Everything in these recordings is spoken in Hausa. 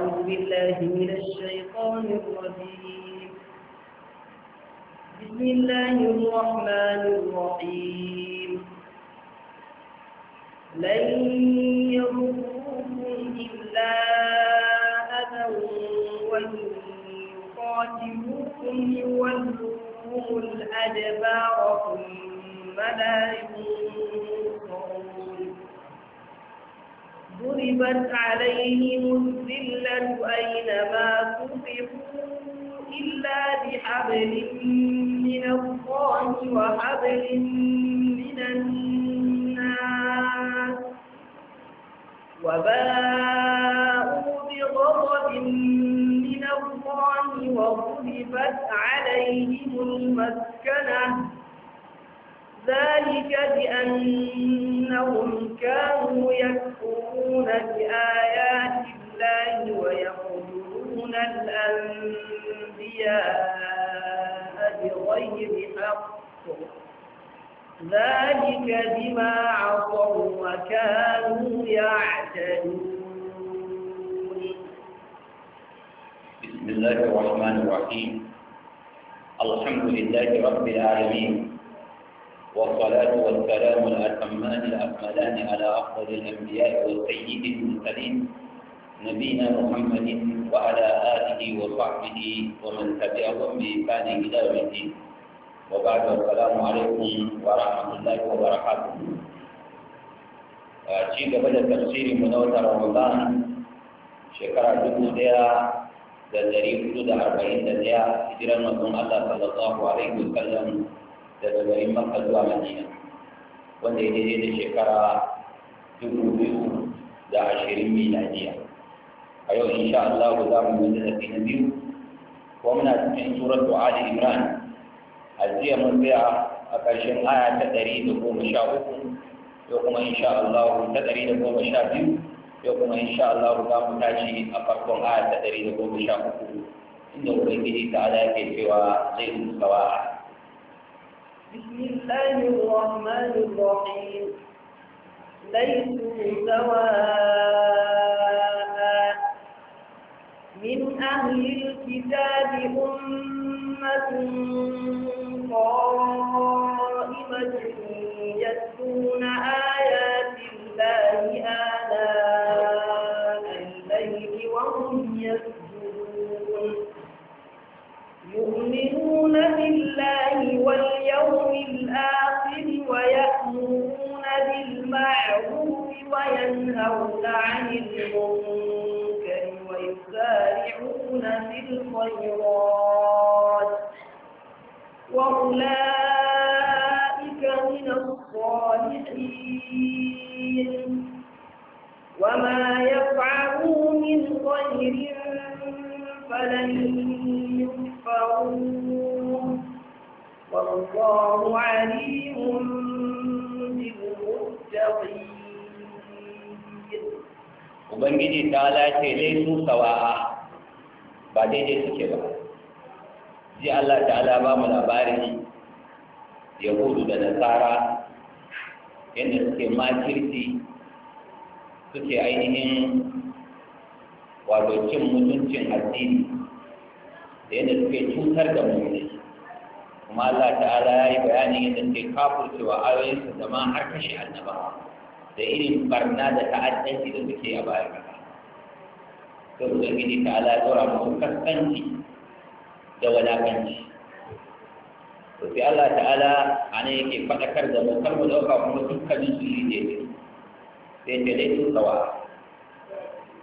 أعوذ بالله من الشيطان الرجيم بسم الله الرحمن الرحيم لن يضروكم إلا أذى وإن يقاتلوكم يولوكم الأدبار ثم لا ينصرون ضربت عليهم الذلة أينما تصفوا إلا بحبل من الله وحبل من الناس وباءوا بغضب من الله وضربت عليهم المسكنة ذلك بأنهم كانوا يكفرون بآيات الله ويقولون الأنبياء بغير حق ذلك بما عصوا وكانوا يعتدون بسم الله الرحمن الرحيم الحمد لله رب العالمين والصلاة والسلام الأتمان الأكملان على أفضل الأنبياء والسيد المرسلين نبينا محمد وعلى آله وصحبه ومن تبعهم بإحسان إلى يوم الدين وبعد السلام عليكم ورحمة الله وبركاته آه، شيء قبل تفسير منوتر رمضان شكرا لكم da dari hudu da arba'in da daya hijiran mazan Allah sallallahu alaihi wasallam daga garin makka zuwa madina wanda ya daidai da shekara dubu biyu da ashirin miladiya a yau insha Allah za mu yi tafiya biyu Kuma muna cikin surar du'a da Imran a jiya mun tsaya a ƙarshen aya ta ɗari da goma sha uku yau kuma insha Allah ta ɗari da goma sha biyu yau kuma insha Allah za mu tashi a farkon aya ta ɗari da goma sha uku inda Ubangiji ta ala ke cewa zai musawa بسم الله الرحمن الرحيم ليسوا سواء من أهل الكتاب أمة قائمة وينهون عن المنكر ويسارعون في الخيرات وأولئك من الصالحين وما يفعلوا من خير فلن يكفروه والله عليم ubangiji ta lace laisu sawa'a ba daidai suke ba ji Allah ta ala ba mu labari yahudu da nasara yadda suke makirci suke ainihin wato cin mutuncin addini da yadda suke cutar da mummuni kuma Allah ta ala ya yi bayanin yadda suke kafurcewa ayoyinsu zama har kashe da irin barna da ta'addanci da suke a bayan kasa to ubangiji ta ala dora mu kaskanci da walakanci to sai Allah ta'ala ana yake faɗakar da mu kar mu dauka kuma dukkan su yi ne sai ta dai su ya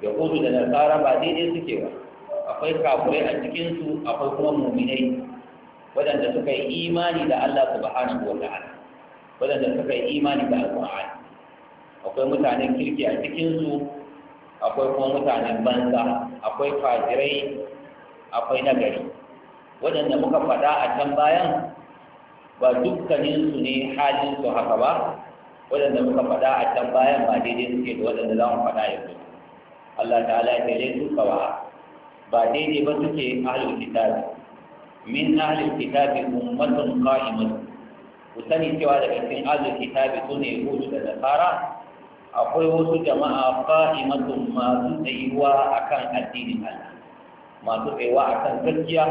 yahudu da nasara ba daidai suke ba akwai kafirai a cikinsu akwai kuma muminai waɗanda suka yi imani da Allah subhanahu wa ta'ala waɗanda suka yi imani da alƙur'ani akwai mutanen kirki a cikinsu akwai kuma mutanen banza akwai fajirai akwai nagari waɗanda muka faɗa a can bayan ba dukkaninsu ne halinsu haka ba waɗanda muka faɗa a can bayan ba daidai suke da waɗanda za mu faɗa yanzu Allah ta'ala ya tare su ba ba daidai ba suke ahlul kitabi min ahlul kitabi ummatun qa'imatun ku sani cewa daga cikin ahlul kitabi sune yahudu da nasara akwai wasu jama'a qa'imatun masu tsayuwa kan addinin Allah masu tsayuwa kan gaskiya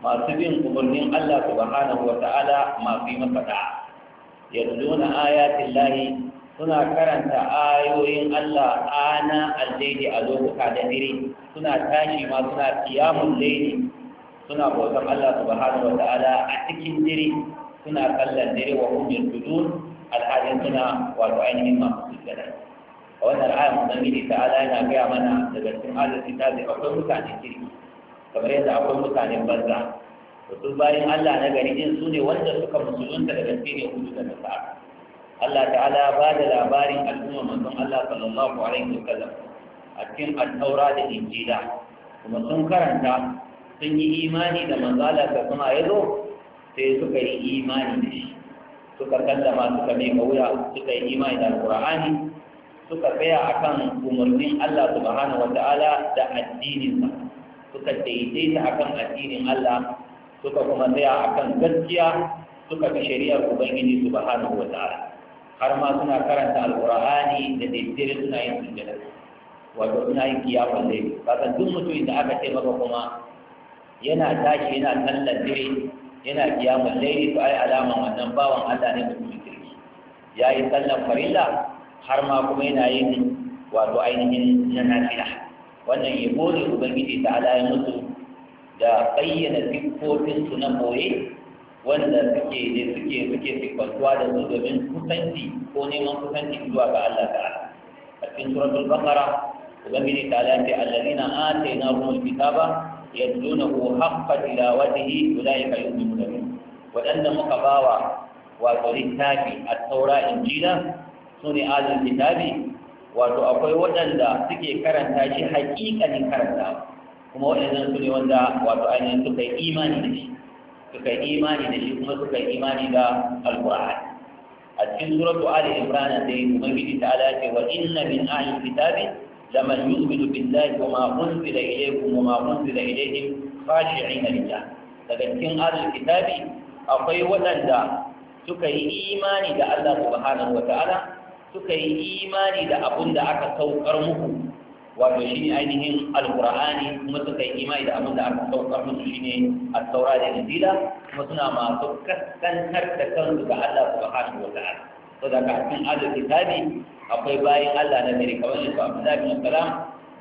masu bin umarnin Allah subhanahu wa ta'ala masu yi masa yanzu na ayatin lahi suna karanta ayoyin Allah ana al a lokuta da dare suna tashi ma suna tiyamun layli suna bautar Allah subhanahu wa ta'ala a cikin dare suna kallon dare wa hum Al'adun suna wato ainihin masu sujjada a wannan ayar ubangiji ta ala yana gaya mana daga cikin adalci ta zai akwai mutane kirki kamar yadda akwai mutanen banza wasu bayan allah na gari din su ne wanda suka musulunta daga cikin hudu da nasara allah ta'ala ba da labarin al'umma manzon allah sallallahu alaihi wa sallam a cikin al'aura da injila kuma sun karanta sun yi imani da manzala ta kuma ya zo sai suka yi imani da shi suka kaddama suka miƙa wuya suka yi imani da alqur'ani suka tsaya a kan umarnin Allah subhanahu wataala da addininsa suka daidaita a kan addinin Allah suka kuma tsaya kan gaskiya suka bi shari'ar ubangiji subhanahu wataala har ma suna karanta alqur'ani da daidai suna yin sujjada wato suna yin kiyamun laifi kasan duk mutumin da aka ce maka kuma yana tashi yana sallar dare yana kiyamun laili to ai alaman wannan bawan Allah ne mutumin kirki ya yi sallan farilla har ma kuma yana yin wato ainihin na nafila wannan yabo ne ubangiji ta ala ya mutu da bayyana siffofin su na boye wanda suke ne suke suke siffantuwa da su domin kusanci ko neman kusanci zuwa ga Allah ta'ala a cikin suratul baqara ubangiji ta ala ya ce allazina atainahumul kitaba يدلونه حق تلاوته أولئك يؤمنون به وأن مقباوة وتلتاب التوراة إنجيلا سنة آل الكتاب wato akwai waɗanda suke karanta shi haƙiƙanin karanta kuma waɗannan su ne wanda wato ainihin suka yi imani da shi suka yi imani da shi kuma suka yi imani da alƙur'ani a cikin suratu ali imran da ubangiji ta ala ce wa inna min ahli kitabi لمن يؤمن بالله وما انزل اليكم وما انزل اليهم خاشعين لله لكن هذا الكتاب اخي ولدا suka yi imani da Allah subhanahu wa ta’ala suka yi imani da abin da aka saukar muku wato shi ne ainihin alkur'ani kuma suka yi imani da abin da aka saukar musu shi ne a saura da yanzu kuma suna masu kaskantar da kansu ga Allah wa ta’ala saboda kafin adal kitabi akwai bayan Allah na gari kamar yadda abu bin Salam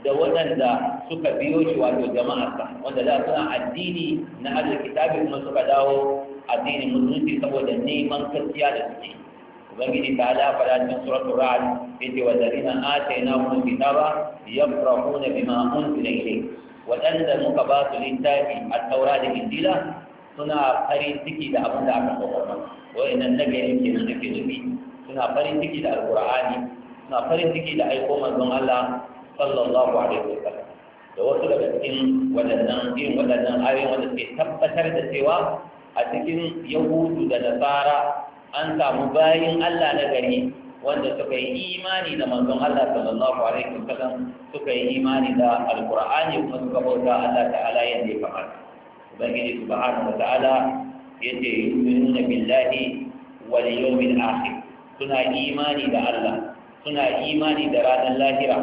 da waɗanda suka biyo shi wato jama'arsa wanda da suna addini na adal kitabi kuma suka dawo addinin musulunci saboda neman gaskiya da suke ubangiji ta ala fara cikin suratul ra'd yace wa zarina atainahum kitaba yafrahuna bima unzila ilayhi waɗanda muka ba su littafi a taura da injila suna farin ciki da abin da aka saukar masa wa'annan nagari ke nan ake nufi suna farin ciki da alqur'ani suna farin ciki da aiko manzon Allah sallallahu alaihi wa sallam. da wasu daga cikin waɗannan irin waɗannan ayoyin wanda suke tabbatar da cewa a cikin yahudu da nasara an samu bayin Allah na gari wanda suka yi imani da manzon Allah sallallahu alaihi wa sallam, suka yi imani da alqur'ani kuma suka bauta Allah ta'ala yadda ya kamata ubangiji subhanahu wa ta'ala yace yu'minuna billahi wal yawmil akhir suna imani da Allah suna imani da ranar lahira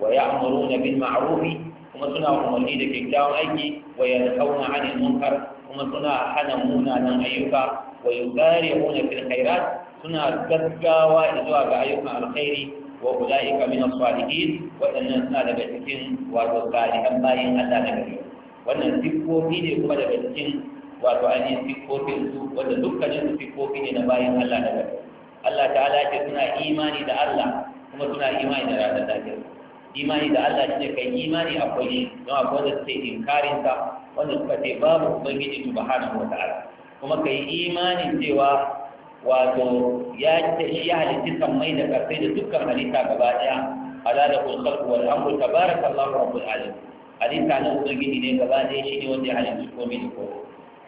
wa ya'muruna bil ma'ruf kuma suna umarni da kyakkyawan aiki wa yanhauna 'anil munkar kuma suna hana munanan ayyuka wa yusari'una fil khairat suna gaggawa zuwa ga ayyukan alkhairi wa ulaika min as-salihin wa suna daga cikin wato salihan bayin Allah na gari wannan siffofi ne kuma daga cikin wato ainihin siffofin su wanda dukkanin su siffofi ne na bayan Allah daga Allah ta'ala ce suna imani da Allah kuma suna imani da ranar lafiya imani da Allah shine kai imani akwai shi don akwai wanda suke inkarin sa wanda suka ce babu ubangiji subhanahu wataala kuma kai imanin cewa wato ya ya halitta kan mai da karfe da dukkan halitta gaba daya ala da kullu wal amru tabarakallahu rabbul alamin halitta na ubangiji ne gaba ɗaya shi ne wanda ya halitta komai da komai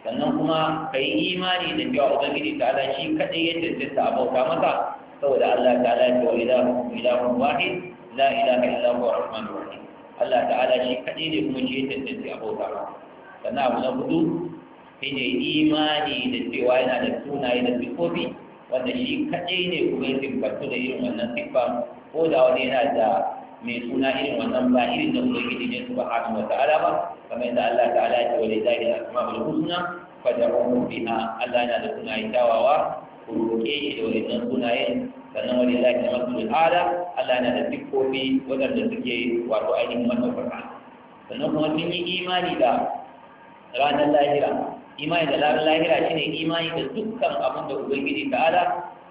sannan kuma ka yi imani da cewa ubangiji ta ala shi kaɗai ya cancanta a bauta masa saboda allah ta ala ce wa ilahun ilahun wahid la ilaha illa huwa rahmanur rahim allah ta ala shi kaɗai ne kuma shi ya cancanta a bauta masa sannan abu na hudu shi ne imani da cewa yana da sunaye da siffofi wanda shi kaɗai ne kuma ya siffatu da irin wannan siffa ko da wani yana da mai suna irin wannan ba irin da ubangiji ne subhanahu wa ta'ala ba kamar yadda Allah ta'ala ya ce wa lillahi al-asma'ul husna fad'uhu biha Allah yana da sunaye kyawawa ku roke shi da suna sunayen sannan wa lillahi al-asma'ul ala Allah yana da siffofi waɗanda suke wato ainihin madaukaka sannan kuma sun yi imani da ranar lahira imani da ranar lahira shine imani da dukkan abin da ubangiji ta'ala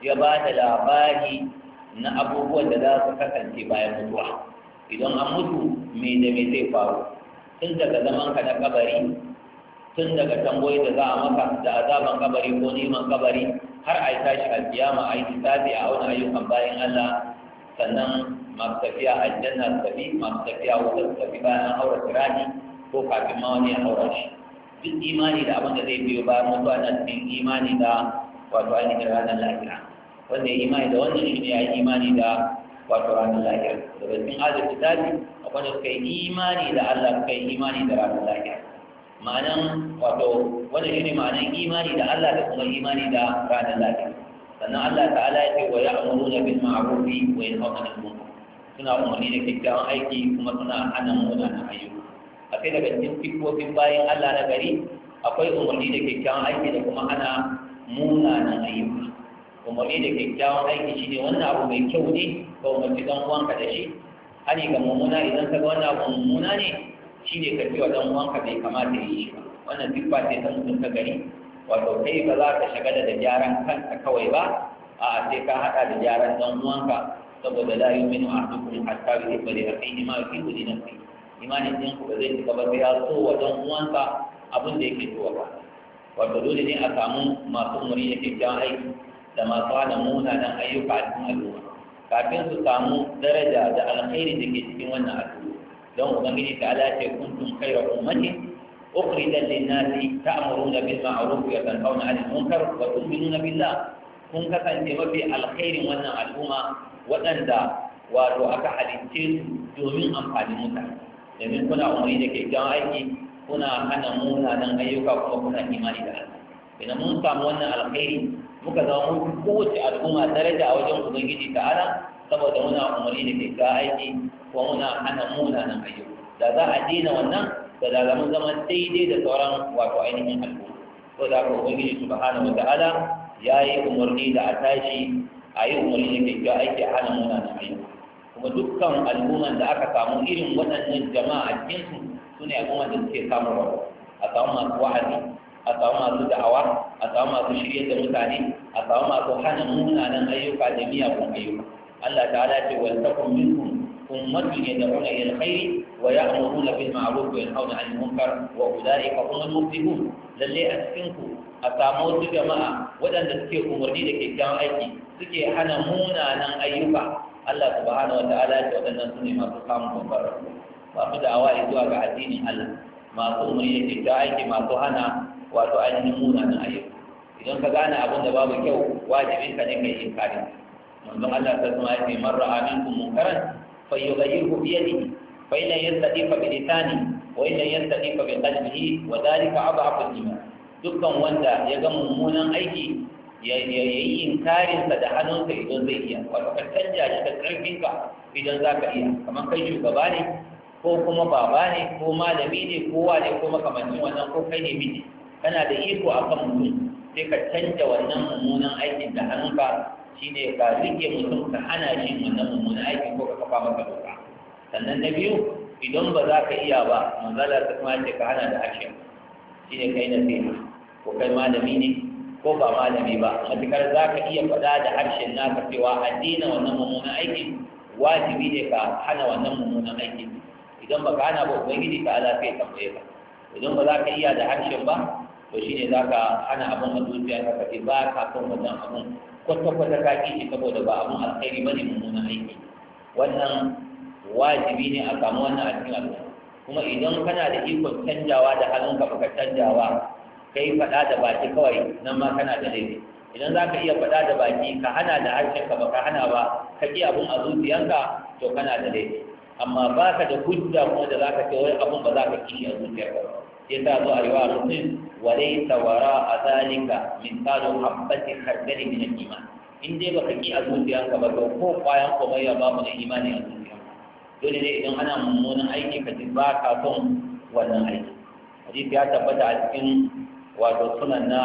ya ba da labari na abubuwan da za su kasance bayan mutuwa idan an mutu me da me zai faru tun daga zaman ka na kabari tun daga tamboyi da za a maka da azaban kabari ko neman kabari har a yi tashi alkiyama a yi hisabi a wani ayyukan bayan Allah sannan masu tafiya aljanna su tafi masu tafiya wuta su tafi bayan an haura tirani ko kafin ma wani ya haura shi duk imani da abin da zai biyo bayan mutuwa na cikin imani da wato ainihin ranar Lahira. Wannan ya imani da wannan shi ne ya yi imani da wato ranar lahira daga cikin azar kitabi akwai da suka yi imani da Allah suka yi imani da ranar lahira ma'anan wato wannan shi ne ma'anan imani da Allah da kuma imani da ranar lahira sannan Allah ta'ala ya ce wa ya ya'muruna bil ma'ruf wa yanhauna 'anil munkar suna umarni da kyakkyawan aiki kuma suna hana munanan ayyuka akwai daga cikin fikofin bayan Allah na gari akwai umarni da kyakkyawan aiki da kuma hana munanan ayyuka umarni da kyakkyawan aiki shine wannan abu mai kyau ne ka umarci dan uwanka da shi Hali ga mummuna idan ka ga wannan abu mummuna ne shine ka wa dan uwanka bai kamata ya yi shi ba wannan duk ba sai ta mutum ka gani wato kai ba za ka shagala da gyaran kanka kawai ba a sai ka haɗa da gyaran dan uwanka saboda la yu'minu ahadukum hatta da li ni ma yuhibbu li nafsihi imanin din ku ba zai cika ba sai ya so wa dan uwanka abin da yake so ba wato dole ne a samu masu muri da kyakkyawan aiki da masu hana munanan ayyuka a cikin al'umma kafin su samu daraja da alkhairi da ke cikin wannan al'umma don ubangiji ta ala ce kuntum khayra ummati ukhrijat lin-nasi ta'muruna bil ma'ruf wa tanhauna 'anil munkar wa tu'minuna billah kun kasance mafi alkhairin wannan al'umma waɗanda wato aka halicce su domin amfanin mutane domin kuna umarni da kyakkyawan aiki kuna hana munanan ayyuka kuma kuna imani da Allah idan mun samu wannan alkhairi muka zama mun kowace al'umma daraja a wajen ubangiji ta'ala saboda muna umarni da kyakkyawan aiki kuma muna hana munanan ayyuka da za a daina wannan da za zama zama daidai da sauran wato ainihin al'umma ko da ka ubangiji subhanahu wa ta'ala ya yi umarni da a tashi a yi umarni da kyakkyawan aiki a hana munanan ayyuka kuma dukkan al'umman da aka samu irin waɗannan jama'a cikinsu su ne al'umman da suke samun rabu a samu masu wa'azi a samu masu da'awa a samu masu shirya da mutane a samu masu hana munanan ayyuka da miyagun ayyuka Allah ta'ala ce wal takum minkum ummatun yad'una ila alkhairi wa ya na bil ma'ruf wa yanhauna da munkar wa ulaika humul muflihun lalle a cikin ku a samu wasu jama'a waɗanda suke umarni da kyakkyawan aiki suke hana munanan ayyuka Allah subhanahu wa ta'ala ce waɗannan su ne masu samun babbar masu da'awa zuwa ga addinin Allah masu umarni da kyakkyawan aiki masu hana wato ainihin munanan ayyuka idan ka gane abin da babu kyau wajibin ka ne kai inkari manzon Allah ta kuma yace man ra'a minkum munkaran falyughayyirhu bi yadihi fa in yastati fa bi lisani wa in yastati fa bi qalbihi wa dhalika adhafu al-iman dukkan wanda ya ga mummunan aiki ya yi inkarin sa da hannunsa idan zai iya wato ka canja shi da karfinka idan za ka iya kamar kai shugaba ne ko kuma baba ne ko malami ne ko wane ko makamancin wannan ko kai ne miji kana da iko a kan mutum sai ka canja wannan mummunan aikin da hannunka shine ka rike mutum ka hana shi wannan mummunan aikin ko ka kafa masa doka sannan na biyu idan ba za ka iya ba manzala ta kuma ce ka hana da harshen shi ne kai sai ko kai malami ne ko ba malami ba matukar za ka iya faɗa da harshen naka cewa addina wannan mummunan aikin wajibi ne ka hana wannan mummunan aikin idan ba ka hana ba ubangiji ta ala sai tambaye ka idan ba za ka iya da harshen ba to shi ne za ka hana abin a zuciya ka kace ba ka son wannan abin kwata kwata ka ki shi saboda ba abin alkhairi bane mummunan aiki wannan wajibi ne a samu wannan a cikin al'umma kuma idan kana da ikon canjawa da halin ka baka canjawa ka yi faɗa da baki kawai nan ma kana da laifi idan za ka iya faɗa da baki ka hana da harshenka ba ka hana ba ka ƙi abin a zuciyanka to kana da laifi amma ba ka da hujja kuma da za ka ce wai abin ba za ka ƙi a zuciyarka ba ya sa zo a riwa mutum wa laysa wara azalika min qalu habbati khardali min al-iman in dai baka ki a zuciyarka ba to ko kwayan komai ya babu da imani a zuciyarka dole ne idan ana mummunan aiki ka ji ba ka son wannan aiki hadisi ya tabbata a cikin wato sunan na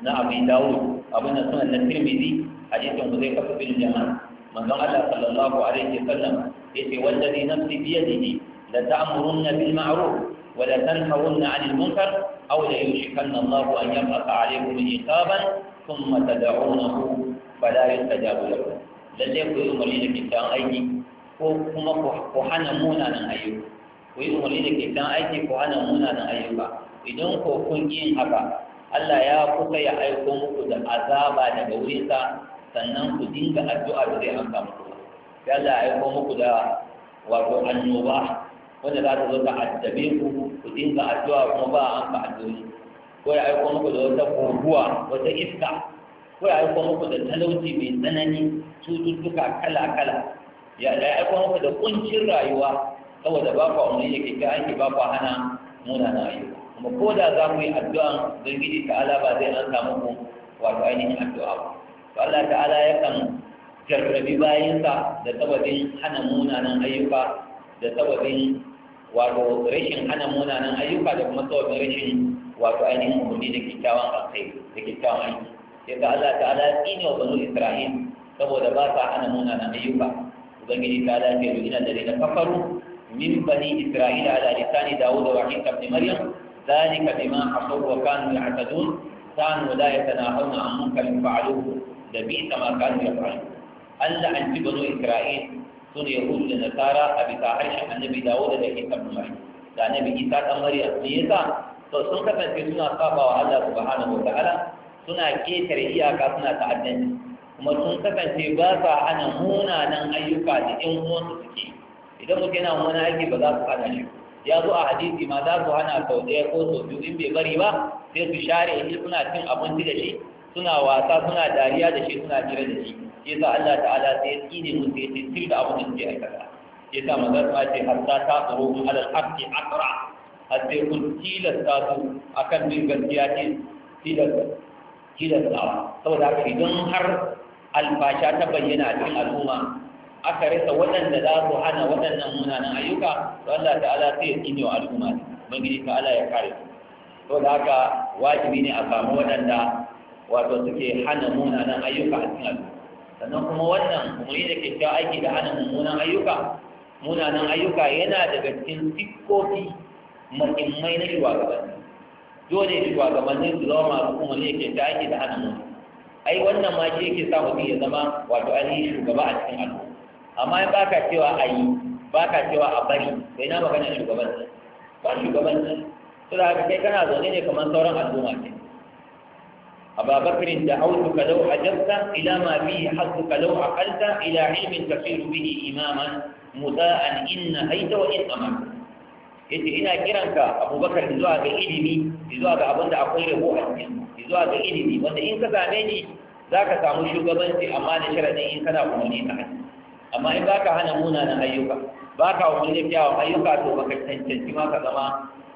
na abin dawud abin da sunan na tirmidhi hadisin ku zai kafa bil jama'a manzon Allah sallallahu alaihi wasallam yace wallazi nafsi bi yadihi la ta'murunna bil ma'ruf ولا تنهون عن المنكر أو ليوشكن الله أن يبعث عليكم عقابا ثم تدعونه فلا يستجاب لكم lalle ku yi umarni da kyakkyawan aiki ko kuma ku hana munanan ayyuka da kyakkyawan aiki ku hana munanan ayyuka idan ko kun haka Allah ya kusa ya aiko muku da azaba daga wurinsa sannan ku dinga addu'a da zai amsa muku ya Allah ya aiko muku da wato annoba wanda za ta zo ta addabe ku ku dinga addu'a kuma ba an ka addu'o'i ko ya aiko muku da wata guguwa wata iska ko ya aiko muku da talauci mai tsanani cututtuka kala-kala ya aiko muku da kuncin rayuwa saboda ba ku umarni da kika aiki ba ku hana munana ayyuka kuma ko da za ku yi addu'a ubangiji ta'ala ba zai an samu ku wato ainihin addu'a ba to Allah ta'ala kan jarrabi bayansa da sababin hana munanan ayyuka da sababin wato rashin hana munanan ayyuka da kuma sababin rashin wato ainihin umarni da kyakkyawan alkhairi da kyakkyawan aiki sai ga Allah ta ta'ala tsine wa banu Isra'il saboda ba sa hana munanan ayyuka ubangiji ta ala ce ina da rina kafaru min bani Isra'il ala lisani Dawud wa Isa ibn Maryam zalika bima wa kanu ya'tadun حصلوا وكانوا يعتدون an لا fa'aluhu da bi ta ma kanu كانوا Allah an أنت banu Isra'il sun ne yahudu da nasara a bisa harshen annabi dawo da dake kan maryam da annabi isa dan maryam me yasa to sun kasance suna wa Allah subhanahu wa ta'ala suna ketar iyaka suna ta'addanci kuma sun kasance ba sa hana munanan ayyuka da ƴan uwansu suke idan mutum yana wani aiki ba za su hana shi ya zo a hadisi ma za su hana sau ɗaya ko sau biyu in bai bari ba sai su share shi suna cin abinci da shi suna wasa suna dariya da shi suna jira da shi ya Allah ta'ala sai ya tsine musu ya ce tun da abin da suke aikata ya sa ma ce har ta ta tsoro mu alal haƙƙi akra har sai kun tilasta su akan bin gaskiya ce tilastawa saboda haka idan har albasha ta bayyana a cikin al'umma aka rasa waɗanda za su hana waɗannan munanan ayyuka to Allah ta'ala sai ya tsine wa al'umma ne ubangiji ta'ala ya kare su to da haka wajibi ne a samu waɗanda wato suke hana munanan ayyuka a cikin al'umma sannan kuma wannan umarni da ke aiki da hana mummunan ayyuka munanan ayyuka yana daga cikin sikkofi muhimmai na shugabanni dole shugabanni su zama masu umarni da ke aiki da hana mummunan ai wannan ma shi yake sa mutum ya zama wato ainihin shugaba a cikin al'umma amma ba baka cewa a yi ka cewa a bari bai na magana shugabanni ba shugabanni to da kai kana zaune ne kamar sauran al'umma ke. A أبا بكر دعوتك لو أجبت إلى ما فيه حظك لو عقلت إلى علم Imaman به إماما مداء haita wa وإن أمرت yace ina kiran ka abubakar zuwa ga ilimi zuwa ga abin da akwai rabo a cikin zuwa ga ilimi wanda in ka same ni za ka samu shugabanci amma da sharadin in kana umarni ka hanyar amma in ba ka hana munanan ayyuka ba ka umarni kyawun ayyuka to ba ka cancanci ma ka zama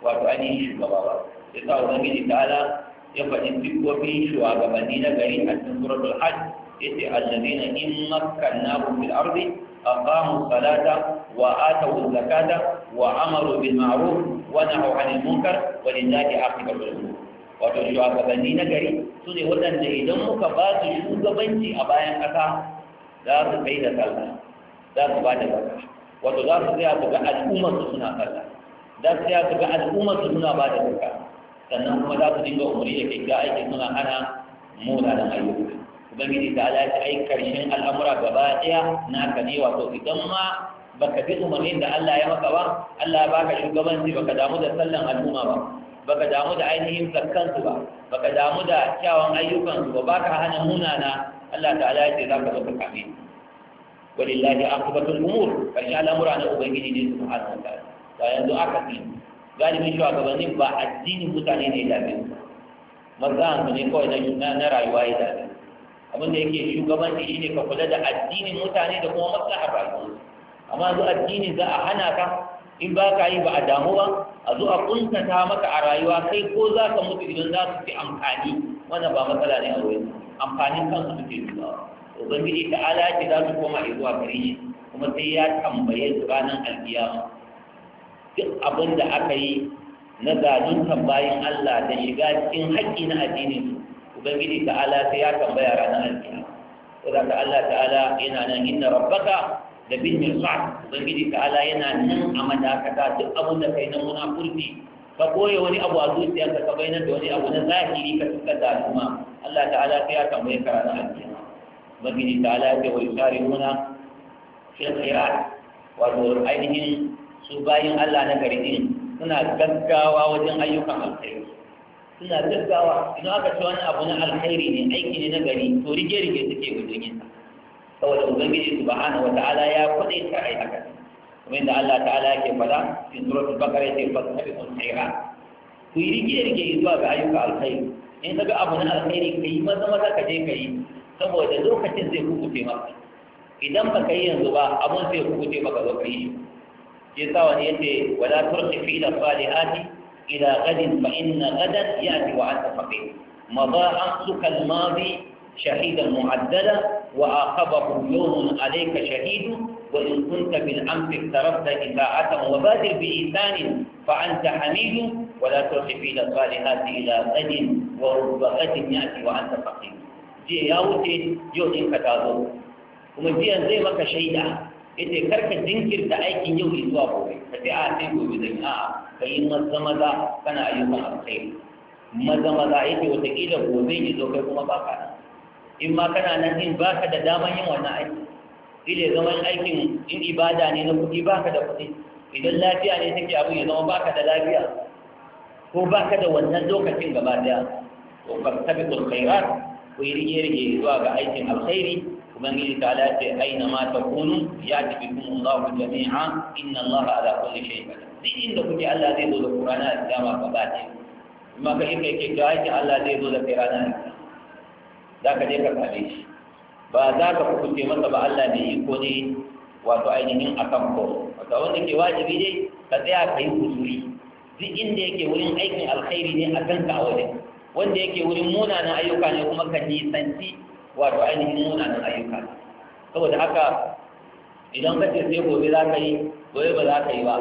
wato ainihin shugaba ba sai sa ubangiji ala. ya faɗi siffofin shugabanni na gari a cikin suratul hajj yace na in makkannahum fil ardi aqamu salata wa atu zakata wa amaru bil ma'ruf wa nahaw 'anil munkar wa lillahi 'aqibatul umur wato shugabanni na gari su ne waɗanda idan muka ba su shugabanci a bayan ƙasa za su kai da sallah za su ba da zakka wato za su tsaya su ga al'ummar su suna sallah za su tsaya su ga al'ummar su suna ba da zakka sannan kuma za su dinga umarni da kyakkyawa aikin suna hana da ayyuka ubangiji ta ala ta ai karshen al'amura gaba ɗaya na ka ne wato idan ma baka bi umarnin da Allah ya maka ba Allah ya baka shugabanci baka damu da sallan al'umma ba baka damu da ainihin zakkansu ba baka damu da kyawun ayyukansu ba baka hana munana Allah ta'ala ya ce za ka zo ka kame walillahi aqibatul umur karshe al'amura na ubangiji ne subhanahu wa ta'ala to yanzu aka tsini galibin shugabannin ba addinin mutane ne da abin mazahansu ne kawai na rayuwa ya dabe abin da yake shugabanci shi ne ka kula da addinin mutane da kuma maslahar rayuwarsu amma yanzu addinin za a hana ka in ba ka yi ba a damu ba a zo a kuntata maka a rayuwa kai ko za ka mutu idan za su fi amfani wannan ba matsala ne a wurin amfanin kansu suke dubawa ubangiji ta ala ce za su koma zuwa gare shi kuma sai ya tambaye su ranar alkiyama duk abin da aka yi na zaluntan bayan Allah da shiga cikin haƙƙi na addinin su ubangiji ta'ala sai ya tambaya ranar alkiyama saboda ka Allah ta'ala yana nan inna rabbaka da bin mirsad ubangiji ta'ala yana nan a madakata duk abin da kai na munafurci ka koya wani abu a zuciyarka ka bayyana da wani abu na zahiri ka tuka da al'umma Allah ta'ala sai ya ka ranar alkiyama ubangiji ta'ala ya ce wa fil wato ainihin su bayan Allah na gari din suna gaggawa wajen ayyukan alkhairi suna gaggawa idan aka ce wani abu na alkhairi ne aiki ne na gari to rige rige suke gudun yin saboda ubangiji wata ala ya kudai ta ai haka kuma inda Allah ta'ala yake fada cikin suratul baqara yake fasabiqul khairat ku yi rige rige zuwa ga ayyukan alkhairi in kaga abu na alkhairi kai maza maza ka je kai saboda lokacin zai kukuce maka idan ba ka yi yanzu ba abun zai kukuce maka zo ka yi shi yasa wani yace إلى turqi fi salihati ila gadin fa inna gadan مضى عقلك الماضي شهيدا معدلا وآخبه يوم عليك شهيد وإن كنت بالأمس اقتربت إساعة وبادر بإيثان فأنت حميد ولا تلقي إلى الصالحات إلى غد ورب غد يأتي وأنت فقير جي يا وتي يوم إنك ومن زي مك شهيدا yace karka jinkirta aikin yau zuwa gobe ka ce a sai gobe zan a'a. ka yi maza maza kana ayyukan alkhairi maza maza yace wataƙila gobe ya zo kai kuma baka nan in ma kana nan in baka da daman yin wannan aiki ile zaman aikin in ibada ne na kuɗi baka da kuɗi idan lafiya ne take abin ya zama baka da lafiya ko baka da wannan lokacin gaba daya ka fastabiqul khairat ku yi rige-rige zuwa ga aikin alkhairi ubangiji ta ala ce aina ma ta kunu ya tafi kuma Allah jami'a inna Allah ala kulli shay'in qadir duk inda kuke Allah zai zo da Qur'ani a kiyama ba ba ce kuma kai kai ke ga yake Allah zai zo da Qur'ani za ka je ka same shi ba za ka kuce masa ba Allah ne iko ne wato ainihin akan ko wato wanda ke wajibi ne ka tsaya ka yi kuzuri duk inda yake wurin aikin alkhairi ne a kanka a wajen wanda yake wurin munanan ayyuka ne kuma ka nisanci wato ainihin munanan ayyuka saboda haka idan ka ce sai gobe za ka yi gobe ba za ka yi ba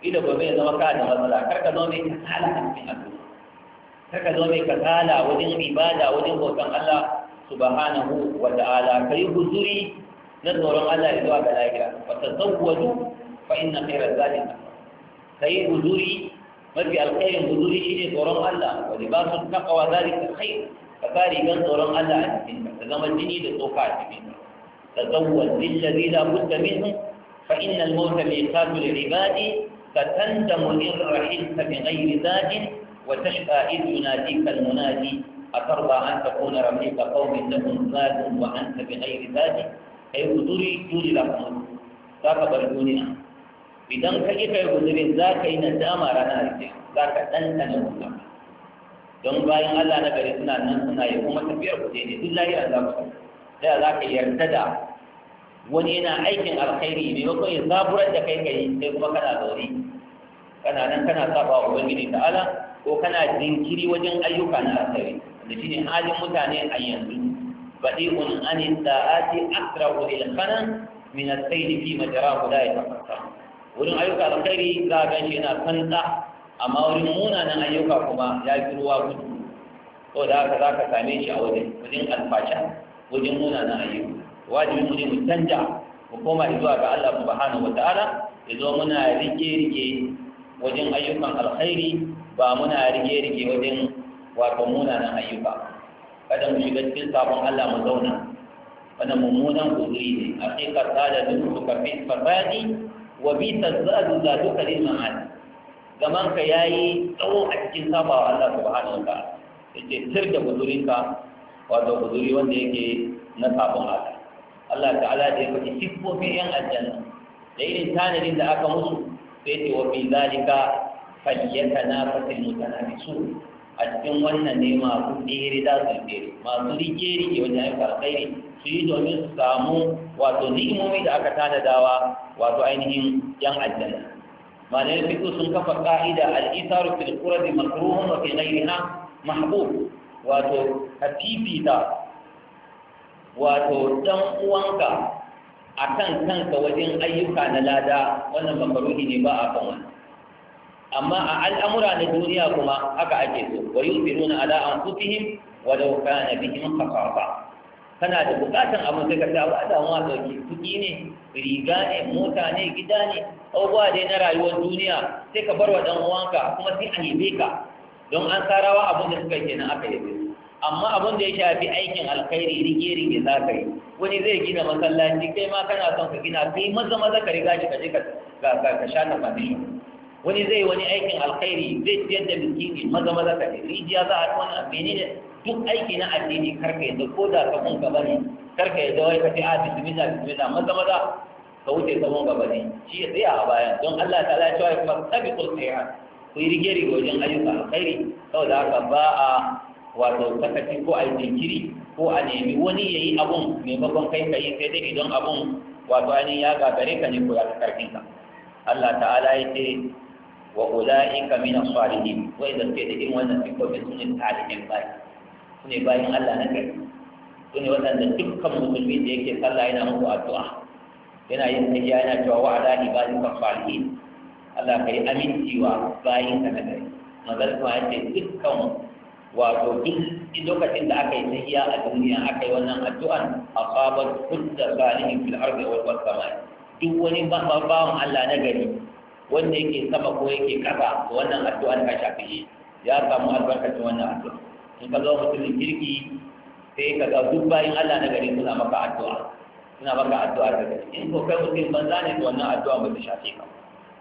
ita gobe ya zama kada matsala kar ka zo mai kasala a cikin addu'a kar ka zo mai kasala wajen ibada wajen bautan Allah subhanahu wa ta'ala kai huzuri na tsoron Allah ya zuwa ga lahira fa tazawwaju fa inna khayra zadi kai huzuri mafi alkhairin huzuri shine tsoron Allah wa libasu taqwa zalika khair ka sa rigan tsoron Allah a jikinka ka zama jini da tsoka a jikinka ka zawwal lillazi la budda minhu fa inna al-mawta miqatu lil-ibadi fatandamu in rahilta bi ghairi zadin wa tashqa id yunadika al-munadi أترضى أن تكون رفيق قوم لهم زاد وأنت بغير زاد أي حضوري ka لكم ذاك بالدنيا ka كيف يقدر ذاك إن دام رنا رجع ذاك أنت نمت don bayan Allah na gari suna nan suna yi kuma tafiyar ku daidai duk lahira za ku da za ka yarda da wani yana aikin alkhairi maimakon ya zaburar da kai kai sai kuma kana zaune kana nan kana saba wa ubangiji ta'ala ko kana jinkiri wajen ayyuka na alkhairi da shine halin mutane a yanzu badi'un an sa'ati akrahu lil khana min as-sayl fi majrahu la yatafakkar wurin ayyuka alkhairi za ka ganshi yana kanta amma wurin munanan ayyuka kuma ya fi ruwa gudu to da haka za ka same shi a wajen wajen alfasha wajen munanan ayyuka wajibin mu ne mu canja mu koma zuwa ga Allah subhanahu wataala ya zo muna rike rike wajen ayyukan alkhairi ba muna rike rike wajen wato munanan ayyuka kada mu shiga cikin sabon Allah mu zauna wannan mummunan guzuri ne a cikin kasala da suka fi fasadi wa bi tazadu da duka lil ma'ad zaman ka yi tsawo a cikin sabawa Allah subhanahu ka ta'ala ce sir da guzurinka wato guzuri wanda yake na sabon Allah ta ala da ya faɗi siffofin yan aljanna da irin tanadin da aka musu sai ce wa fi zalika falyatanafasil su a cikin wannan ne masu ɗere za su tsere masu rike rike wajen aika alkhairi su yi domin su samu wato ni'imomi da aka tanadawa wato ainihin yan aljanna malayan fiƙo sun kafa ƙa'ida al'isaru fil qurbi makruhun wa fi ghayriha mahbub wato fifita wato dan uwanka akan kanka wajen ayyuka na lada wannan makaruhi ne ba a kan amma a al'amura na duniya kuma haka ake so wa yusiruna ala anfusihim wa law kana bihim khasafa kana da bukatan abin sai ka ta ba da mu dauki kuɗi ne riga ne mota ne gida ne abubuwa dai na rayuwar duniya sai ka bar wa dan uwanka kuma sai a yabe ka don an tsarawa abin da suka kenan aka yabe amma abin da ya shafi aikin alkhairi rige-rige za ka yi wani zai gina masallaci kai ma kana son ka gina kai maza maza ka riga shi ka je ka sha ta wani zai wani aikin alkhairi zai ciyar da miskini maza maza ka je rijiya za a wani abu ne duk aiki na addini karka yadda ko da sabon gaba ne karka yadda wai ka a ah, bismillah bismillah maza maza ka wuce sabon gaba ne shi ya tsaya a baya don Allah Ta'ala ya cewa kuma sabiqul khairat ku yi rige rige wajen ayyuka alkhairi saboda haka ba a wato sakaci ko a yi jinkiri ko a nemi wani ya yi abun maimakon kai ka yi sai dai idan abun wato ainihin ya gagare ka ne ko ya karfin ka Allah ta'ala ya ce wa ulaika min as-salihin wa idan ke da irin wannan sifofin sunan salihin bai su ne bayan Allah na gari su ne waɗanda dukkan musulmi da yake sallah yana muku addu'a yana yin tafiya yana cewa wa ala ibadika salihin Allah ka yi amincewa bayan ka na gari manzon kuma ya ce dukkan wato duk lokacin da aka yi tafiya a duniya aka yi wannan addu'an a asabat kullu salihin fil ardi wal samai duk wani bawan Allah na gari wanda yake sama ko yake kasa wannan addu'an ka shafi shi ya samu albarkacin wannan addu'a in ka zama mutumin kirki sai ka ga duk bayan Allah na gari suna maka addu'a suna maka addu'a da gari in ko kai mutum banza ne wannan addu'a ba ta shafe ka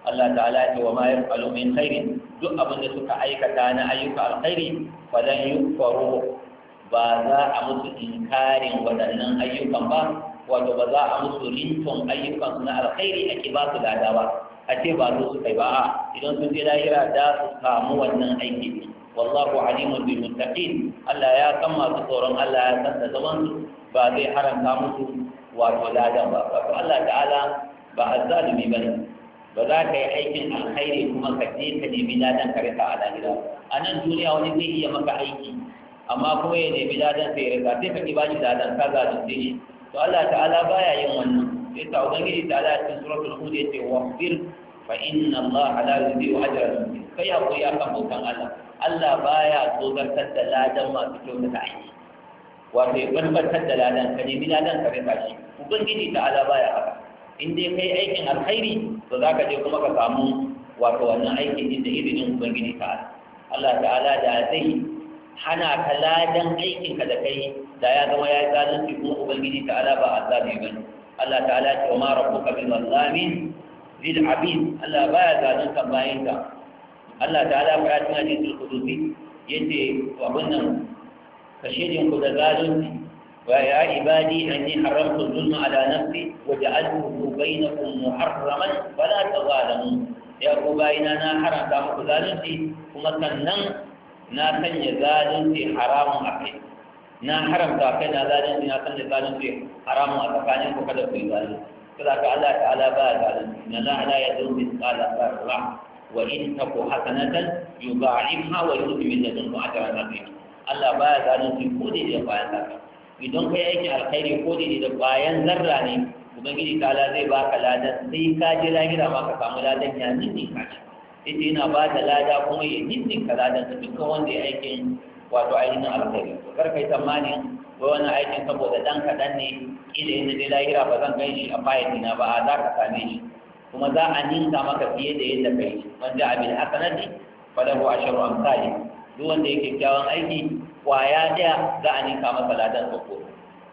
Allah ta'ala ya ce wa ma yaf'alu min khairin duk abin da suka aikata na ayyuka alkhairi fa lan yukfaru ba za a musu inkarin waɗannan ayyukan ba wato ba za a musu rintun ayyukan na alkhairi ake ba su lada ba a ce ba su su kai ba a idan sun je lahira da su samu wannan aiki ne wallahu alimun bil muttaqin Allah ya san masu tsoron Allah ya san da zaman ba zai haramta musu wato ladan ba wato Allah ta'ala ba azzalimi bane ba za ka yi aikin alkhairi kuma ka je ka nemi ladan ka rika a lahira a nan duniya wani zai iya maka aiki amma kuma ya nemi ladan sai ya rika sai ka ki bashi ladan ka ga dutse shi to Allah ta'ala baya yin wannan sai ta ubangiji ta'ala cikin suratul hud yace wa fir fa inna Allah la yudhi'u ajra al-mu'min kai hakuri akan bautan Allah Allah baya tsogartar da ladan masu kyautata aiki wato ya barbatar da ladan ka nemi ladan ka rika shi ubangiji ta ala baya haka in dai kai aikin alkhairi to za ka je kuma ka samu wato wannan aikin din da izinin ubangiji ta ala. Allah ta'ala da zai hana ka ladan aikin ka da kai da ya zama ya yi zalunci kuma ubangiji ta ala ba a azabi ba Allah ta'ala ce wa ma rabbuka bil zallamin lil abin. Allah baya zalunta ka. Allah ta ala fara tun hadisi kudusi ya ce wa wannan kashirin ku da zalunci wa ya yi ibadi an yi haramta zulma ala nafi wa ji an ku bai na ku muharraman ba na ta zalamu ya ku bai na na haramta muku zalunci kuma sannan na sanya zalunci haramun a kai na haramta kai na zalunci na sanya zalunci haramun a tsakanin ku kada ku yi zalunci. Kala ka Allah ta ala ba na za a la ya zo mai tsala ba wa in taku hasanatan yudha'ifha wa yu'ti min ladunhu ajran azima Allah baya zalunci ko da da bayan zarra idan kai aiki alkhairi ko da da bayan zarra ne ubangiji ta'ala zai baka ladan sai ka je lahira ma ka samu ladan ya ninni ka ci ita yana ba da lada kuma ya ninni ka ladan ta dukkan wanda ya aikin wato ainihin alkhairi to kar kai tsammanin wai wannan aikin saboda dan kaɗan ne ila ina dai lahira ba zan kai shi a bayan ba a za ka same shi kuma za a ninka maka fiye da yadda kai man ja'a bil hasanati ko asharu amsali duk wanda yake kyawun aiki kwaya daya za a ninka masa ladan sau goma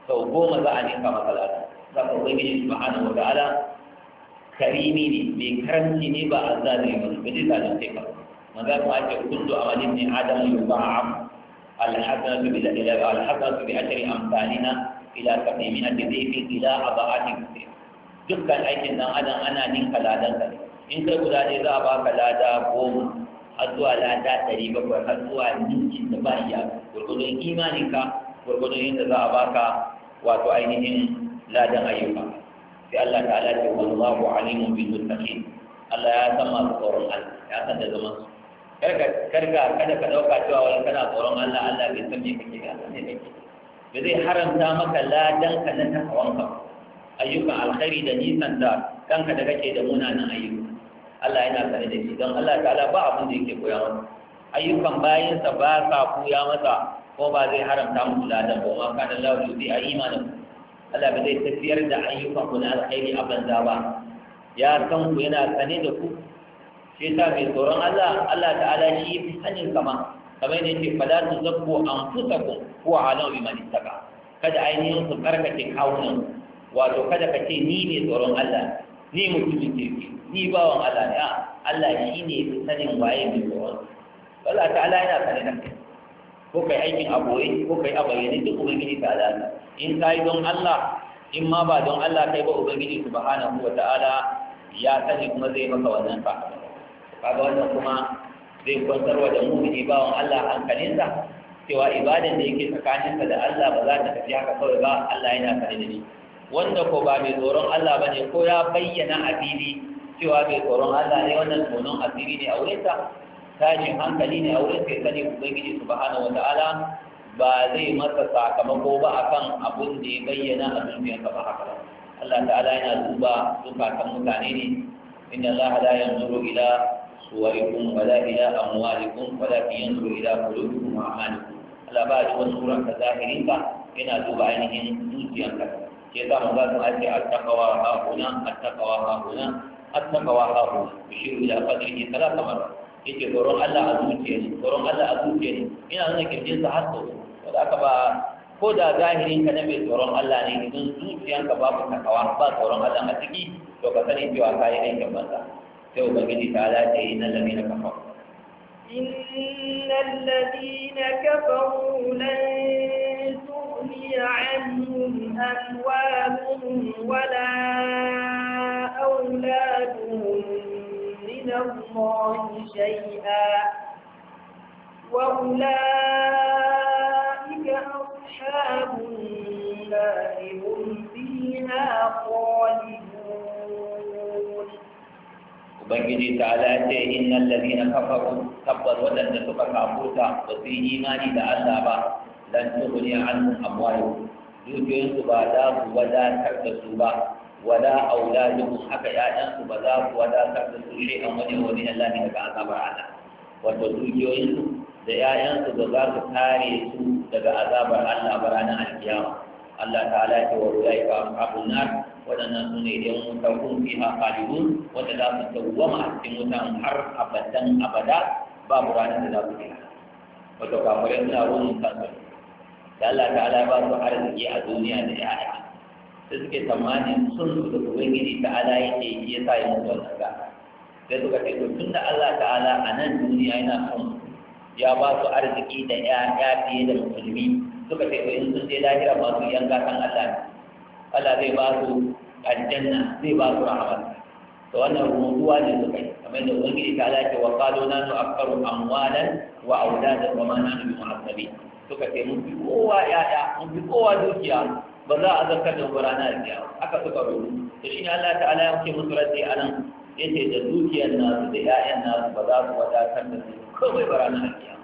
sau goma za a ninka masa ladan za ka shi subhanahu wa ta'ala karimi ne mai karanci ne ba azzalimi ba ba zai zalunce ba, maza kuma ake kullu amalin ne adam yubaa'a alhasanatu bi alhasanatu bi ashri amsalina ila sab'i mi'ati dhifin ila aba'atin kathir dukkan aikin nan adam ana ninka ladan ka in ka guda ɗaya za a baka lada goma har zuwa lada ɗari bakwai har zuwa ninkin da ba iya gurgudun imaninka gurgudun yadda za a baka wato ainihin ladan ayyuka sai Allah ta'ala ce wallahu alimun bil muttaqin Allah ya san masu tsoron Allah ya san da zaman su karka karka kada ka ɗauka cewa wani kana tsoron Allah Allah bai san me kake da ne kake ba zai haramta maka ladan ka na takawanka ba ayyukan alkhairi da nisan da kanka da kake da munanan ayyuka Allah yana sane da shi don Allah ta'ala ba abin da yake koya masa ayyukan bayansa ba sa koya masa ko ba zai haramta mu kula da ba ma kana Allah yuzi a imanin Allah ba zai tafiyar da ayyukan ku na alkhairi a banza ba ya san ku yana sane da ku shi yasa mai tsoron Allah Allah ta'ala shi yi sanin sama kamar yadda yake fala tuzakku anfusakum ko alam biman ittaka kada ainihin su karkace kawunan wato kada ka ce ni ne tsoron Allah ni mutumin kirki ni bawan Allah ne Allah shi ne sanin waye mai tsoron Allah ta'ala yana sanin nan ko kai aikin aboye ko kai a bayyane duk ubangiji ta Allah in kai don Allah in ma ba don Allah kai ba ubangiji subhanahu wa ta'ala ya sani kuma zai maka wannan fa kaga wannan kuma zai wa da mu'mini bawan Allah hankalinsa cewa ibadan da yake tsakaninka da Allah ba za ta tafi haka kawai ba Allah yana sane ne. wanda ko ba mai tsoron Allah ba ne ko ya bayyana a fili cewa mai tsoron Allah ne wannan tsoron asiri ne a wurinsa tashin hankali ne a wurin sai sani ubangiji wa ta'ala, ba zai masa sakamako ba akan abun da ya bayyana a duniyarsa ba haka Allah ta'ala yana duba zukatan mutane ne inna Allah la yanzuru ila suwarikum wala ila amwalikum wala yanzuru ila qulubikum wa a'malikum Allah ba shi wani suran ka zahirin ka yana duba ainihin zuciyarka ya sa manzo sun ake attaqwa ha huna attaqwa ha huna attaqwa ha huna bishiru ila qadrihi talata marra yake tsoron Allah a zuciya ne tsoron Allah a zuciya ne ina nuna kirjin sa har sau wanda aka ba ko da zahirin ka na mai tsoron Allah ne idan zuciyanka ku takawa ba tsoron Allah a ciki to ka sani cewa ka yi aikin banza sai ubangiji ta ala yi na lamina kafa إن الذين كفروا لن عنهم أموالهم ولا أولادهم من الله شيئا وأولئك أصحاب النار هم فيها خالدون وبنجي تعالى إن الذين كفروا تبت ودن تبقى عبوتا وفي إيمان لألا lan tughni anhum amwaluhum dukiyoyinsu ba za ku wadatar da su ba wala auladuhum haka ƴaƴansu ba za ku wadatar da su shay'an wani wa min Allah daga azabar Allah wato dukiyoyinsu da ƴaƴansu ba za su kare su daga azabar Allah ba ranar alkiyama Allah ta'ala ke wa ulai ka ashabun nar wadannan sune idan mutaqun fiha khalidun wanda za su tawwama a cikin wutan har abadan abada babu ranar da za su fita wato kafirai suna ruwan kansu da Allah Ala ba su arziki a duniya da ya'ya sai suke tsammanin sun su da ubangiji ta Ala ya yi ya sa yi musu wannan ga sai suka ce to tunda Allah ta'ala a nan duniya yana son ya ba su arziki da ya'ya fiye da musulmi suka ce to in sun je lahira ba su yan gasan Allah ne Allah zai ba su aljanna zai ba su rahmat to wannan rubuwa ne suka yi kamar da ubangiji ta'ala ce wa qalu nanu aktaru amwalan wa awladan wa ma nanu bi mu'azzabin suka ce mun fi kowa yaya mun fi kowa dukiya ba za a zarkar da mu ranar biya aka suka rubu to shine Allah ta'ala ya ce musu raddi anan yace da dukiyar nasu da 'ya'yan nasu ba za su wadatar da su komai ba ranar biya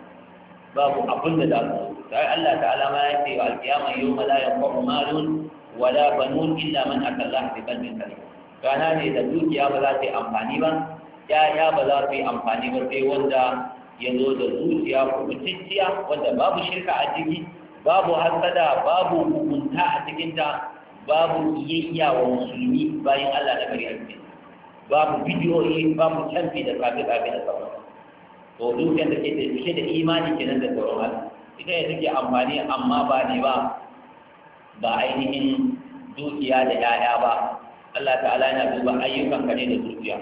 babu abin da za su sai Allah ta'ala ma ya ce wa alqiyama yawma la yanfa'u malun wala banun illa man ata Allah bi qalbin salim rana ne da dukiya ba za ta yi amfani ba ƴaƴa ba za su yi amfani ba sai wanda ya zo da zuciya kubutacciya wanda babu shirka a ciki babu hasada babu hukunta a cikinta babu iyayya wa musulmi bayan Allah da bari alfi babu bidiyoyi babu canfi da tsafi tsafi da sauran to dukkan da ke da da imani kenan da tsoron Allah ita ya take amfani amma ba ne ba ba ainihin dukiya da 'ya'ya ba Allah ta'ala yana duba ayyukan ka da dukiya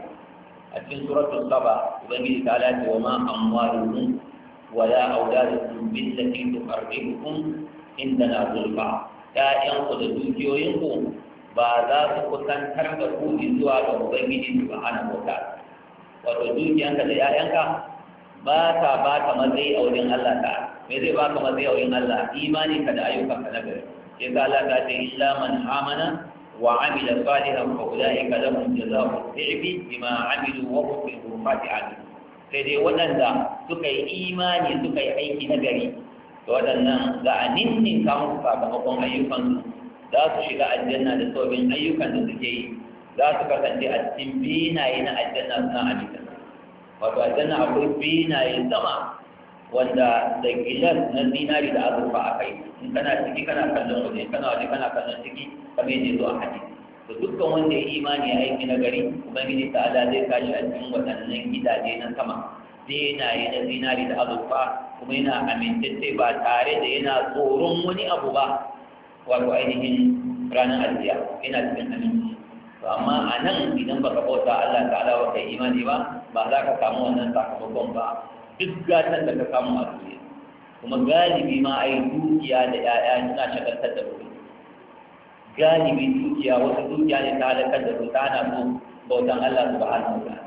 a cikin suratul saba ubangiji ta lati wa ma amwalukum wala auladukum billati tuqarribukum indana zulfa ƴaƴanku da dukiyoyinku ba za su kusantar da ku zuwa ga ubangiji subhanahu wa ta'ala wato dukiyanka da ƴaƴanka ba ta ba ka matsayi a wurin Allah ta me zai ba ka matsayi a wurin Allah imani ka da ayyukanka na gari sai ka Allah ta ce illa man amana وعمل صالحا فأولئك لهم جزاء الضعف بما عملوا وهم في الغرفات عاملون sai dai waɗanda suka yi imani suka yi aiki na gari da waɗannan za a ninnin kamun sakamakon ayyukansu za su shiga aljanna da sauran ayyukan da suke yi za su kasance a cikin binaye na aljanna suna aljanna wato aljanna akwai binaye sama wanda da gilas na zinari da azurfa a kai in kana ciki kana kallon ne kana waje kana kallon ciki kamar yadda zuwa a hadisi to dukkan wanda ya imani a aiki na gari ubangiji ta ala zai tashi a cikin waɗannan gidaje na sama zinaye na zinari da azurfa kuma yana amintacce ba tare da yana tsoron wani abu ba wato ainihin ranar ajiya yana cikin aminci to amma a nan idan baka bauta Allah ta'ala wa kai imani ba ba za ka samu wannan sakamakon ba duk gatan da ka samu a duniya kuma galibi ma ai dukiya da 'ya'ya suna shagaltar da ruwa galibi dukiya wata dukiya ne ta halakar da ruwa ta hana su bautan Allah subhanahu wa ta'ala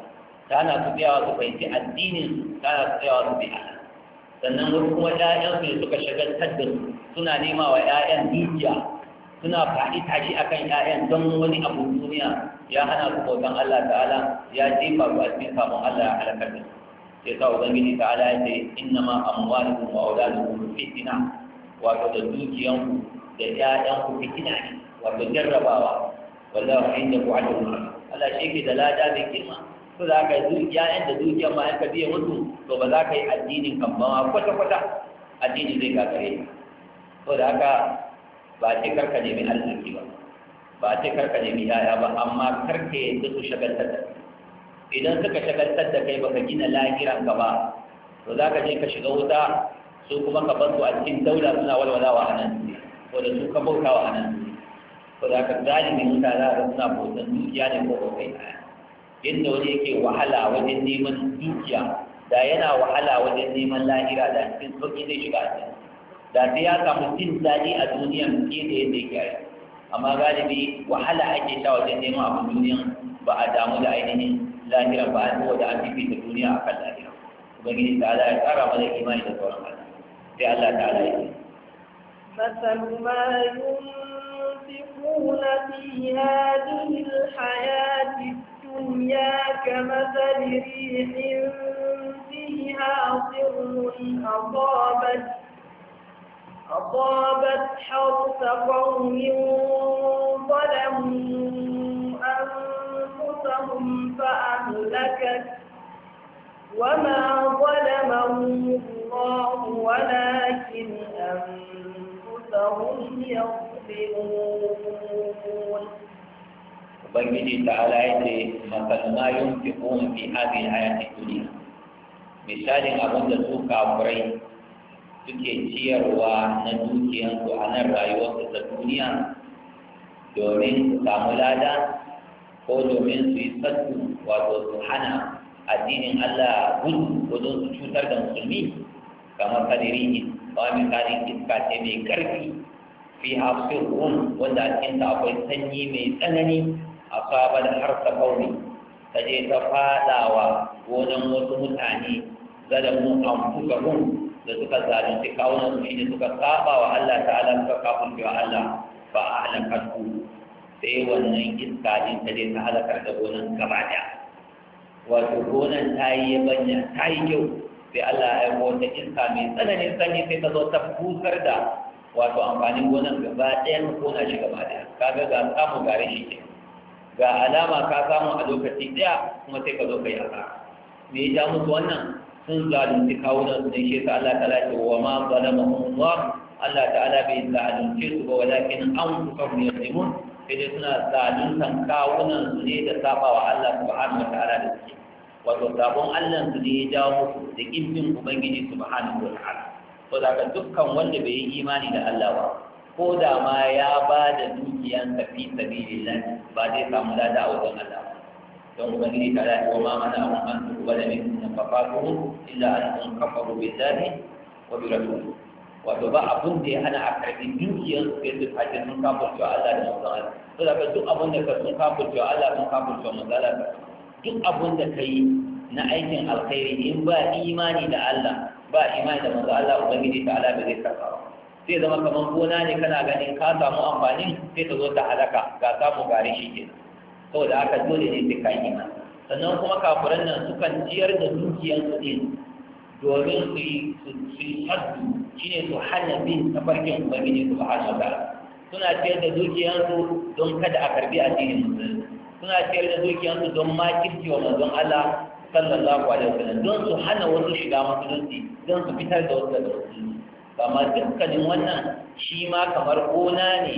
ta hana su biya su fahimci addinin ta hana su biya su biya. sannan wasu kuma ƴaƴansu ne suka shagaltar da su suna nema wa 'ya'yan dukiya suna faɗi tashi akan 'ya'yan don wani abu duniya ya hana su bautan Allah ta'ala ya jefa su a cikin sabon Allah ya halakar da su sai sa ubangiji ta ala ya ce inna ma amwalukum wa auladukum fitna wato da dukiyanku da ƴaƴanku fitina ne wato jarrabawa wallahu inda ku ajrun Allah shi ke da lada da girma to za ka yi ƴaƴan da dukiya ma in ka biya musu to ba za ka yi addinin kan ba kwata kwata addini zai gagare ka to da ka, ba ce karka nemi arziki ba ba ce karka nemi yaya ba amma karka yadda su shagaltar da idan suka shagaltar da kai baka gina lahiran ka ba to za ka je ka shiga wuta su kuma ka bar a cikin daula suna walwalawa a nan ko da su ka wa a nan ko da ka wuta za da suna bautan dukiya ne ko bautai yadda wani yake wahala wajen neman dukiya da yana wahala wajen neman lahira da cikin sauƙi zai shiga a cikin da sai ya samu jin daɗi a duniya fiye da yadda yake yi amma galibi wahala ake sha wajen neman abin duniya ba a damu da ainihin lahira ba an saboda an fifita duniya a kan lahira ubangiji ta ala ya tsara mana imani da sauran Allah sai Allah ta ala ya ce مثل ما ينفقون في هذه الحياة الدنيا كمثل ريح فيها صر أصابت أصابت حرث قوم ظلموا خلفهم فأهلكت وما ظلمهم الله ولكن أنفسهم يظلمون Ubangiji ta'ala ya ce masal ma yunfiqun fi hadhihi al-hayati dunya misalin abin da su kafirai suke ciyarwa na dukiyansu a nan rayuwarsu ta duniya domin su samu lada ko domin su yi tsattu wato su hana addinin Allah gudu ko don su cutar da musulmi kamar kadiri ba mai karin iska ce mai karfi fi hafsirun wanda a cikinta akwai sanyi mai tsanani a sabar harsa kauri ta je ta fadawa gonan wasu mutane zalamu anfusahum da suka zalunci kawunan su shine suka saba wa Allah ta'ala suka kafin wa Allah fa ahlakatu sai wannan iska din ta je ta halakar da gonan gaba ɗaya wato gonan ta yi yabanya ta yi kyau sai Allah ya aiko wata iska mai tsananin sanyi sai ta zo ta busar da wato amfanin gonan gaba ɗaya ko na shi gaba daya kaga ga samu gare shi ke ga alama ka samu a lokaci ɗaya kuma sai ka zo ka yi asara me ya ja musu wannan sun zalunci kawunan su ne shi ta Allah ta lafi wa ma zalamahum Allah Allah ta'ala bai zalunce su ba walakin an kusa mu mun? sai dai suna zaluntan kawunan su ne da saba wa Allah subhanahu wa ta'ala da suke wato sabon Allah su ne ya jawo musu da kimbin ubangiji subhanahu wa ta'ala to daga dukkan wanda bai yi imani da Allah ba ko da ma ya ba da dukiyan dukiyansa fi sabilillah ba zai samu lada a wajen Allah don ubangiji ta da kuma ma mana an an tuba da min nan fa fa illa an kafaru billahi wa bi rasulihi wato ba abun da ya hana a karbi dukiyar su yadda kafin sun kafin cewa Allah da manzon Allah to da duk abun da ka sun kafin cewa Allah sun kafin cewa manzon Allah duk abun da ka yi na aikin alkhairi in ba imani da Allah ba imani da manzon Allah ubangiji ta ala ba zai karba ba sai zama kamar gona ne kana ganin ka samu amfanin sai ta zo ta halaka ga samu gari shi ke saboda haka dole ne sai ka yi imani sannan kuma kafiran nan sukan ciyar da dukiyar su din domin su yi su haddu shi ne su hana bin tafarkin ubangiji su ba hana ba suna ciyar da dukiyansu don kada a karbi addinin musulunci suna ciyar da dukiyansu don ma kirki wa manzon Allah sallallahu alaihi wasallam don su hana wasu shiga musulunci don su fitar da wasu daga musulunci ma dukkanin wannan shi ma kamar gona ne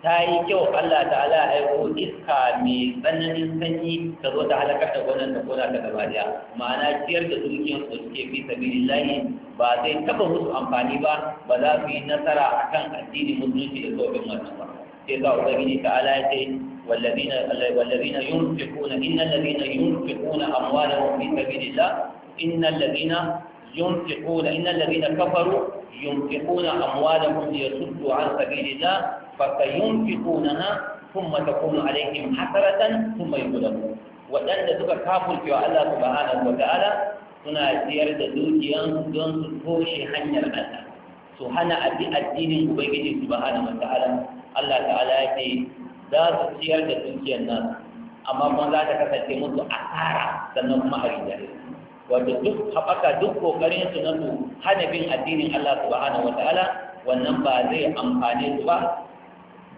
ta yi kyau Allah ta'ala aiko iska mai tsananin sanyi ta zo ta halakar da gonan da gona ta gaba daya ma'ana ciyar da dukiyar su suke fi sabilillahi ba zai taba musu amfani ba ba za su yi nasara kan addinin musulunci da sauƙin wannan ba sai ga ubangiji ta'ala ya ce والذين ينفقون إن الذين ينفقون أموالهم في سبيل الله إن الذين ينفقون إن الذين كفروا ينفقون أموالهم ليصدوا عن سبيل الله فسينفقونها ثم تكون عليهم حسرة ثم يغلبون waɗanda suka kafurce wa Allah subhanahu wa ta'ala suna siyar da dukiyansu don su toshe hanyar Allah su hana abi addinin ubangiji subhanahu wa ta'ala Allah ta'ala ya ce za su siyar da dukiyar nan amma kuma za ta kasance musu asara sannan kuma a rijiyar wato duk haɓaka duk ƙoƙarin su na su hana bin addinin Allah su subhanahu wa ta'ala wannan ba zai amfane su ba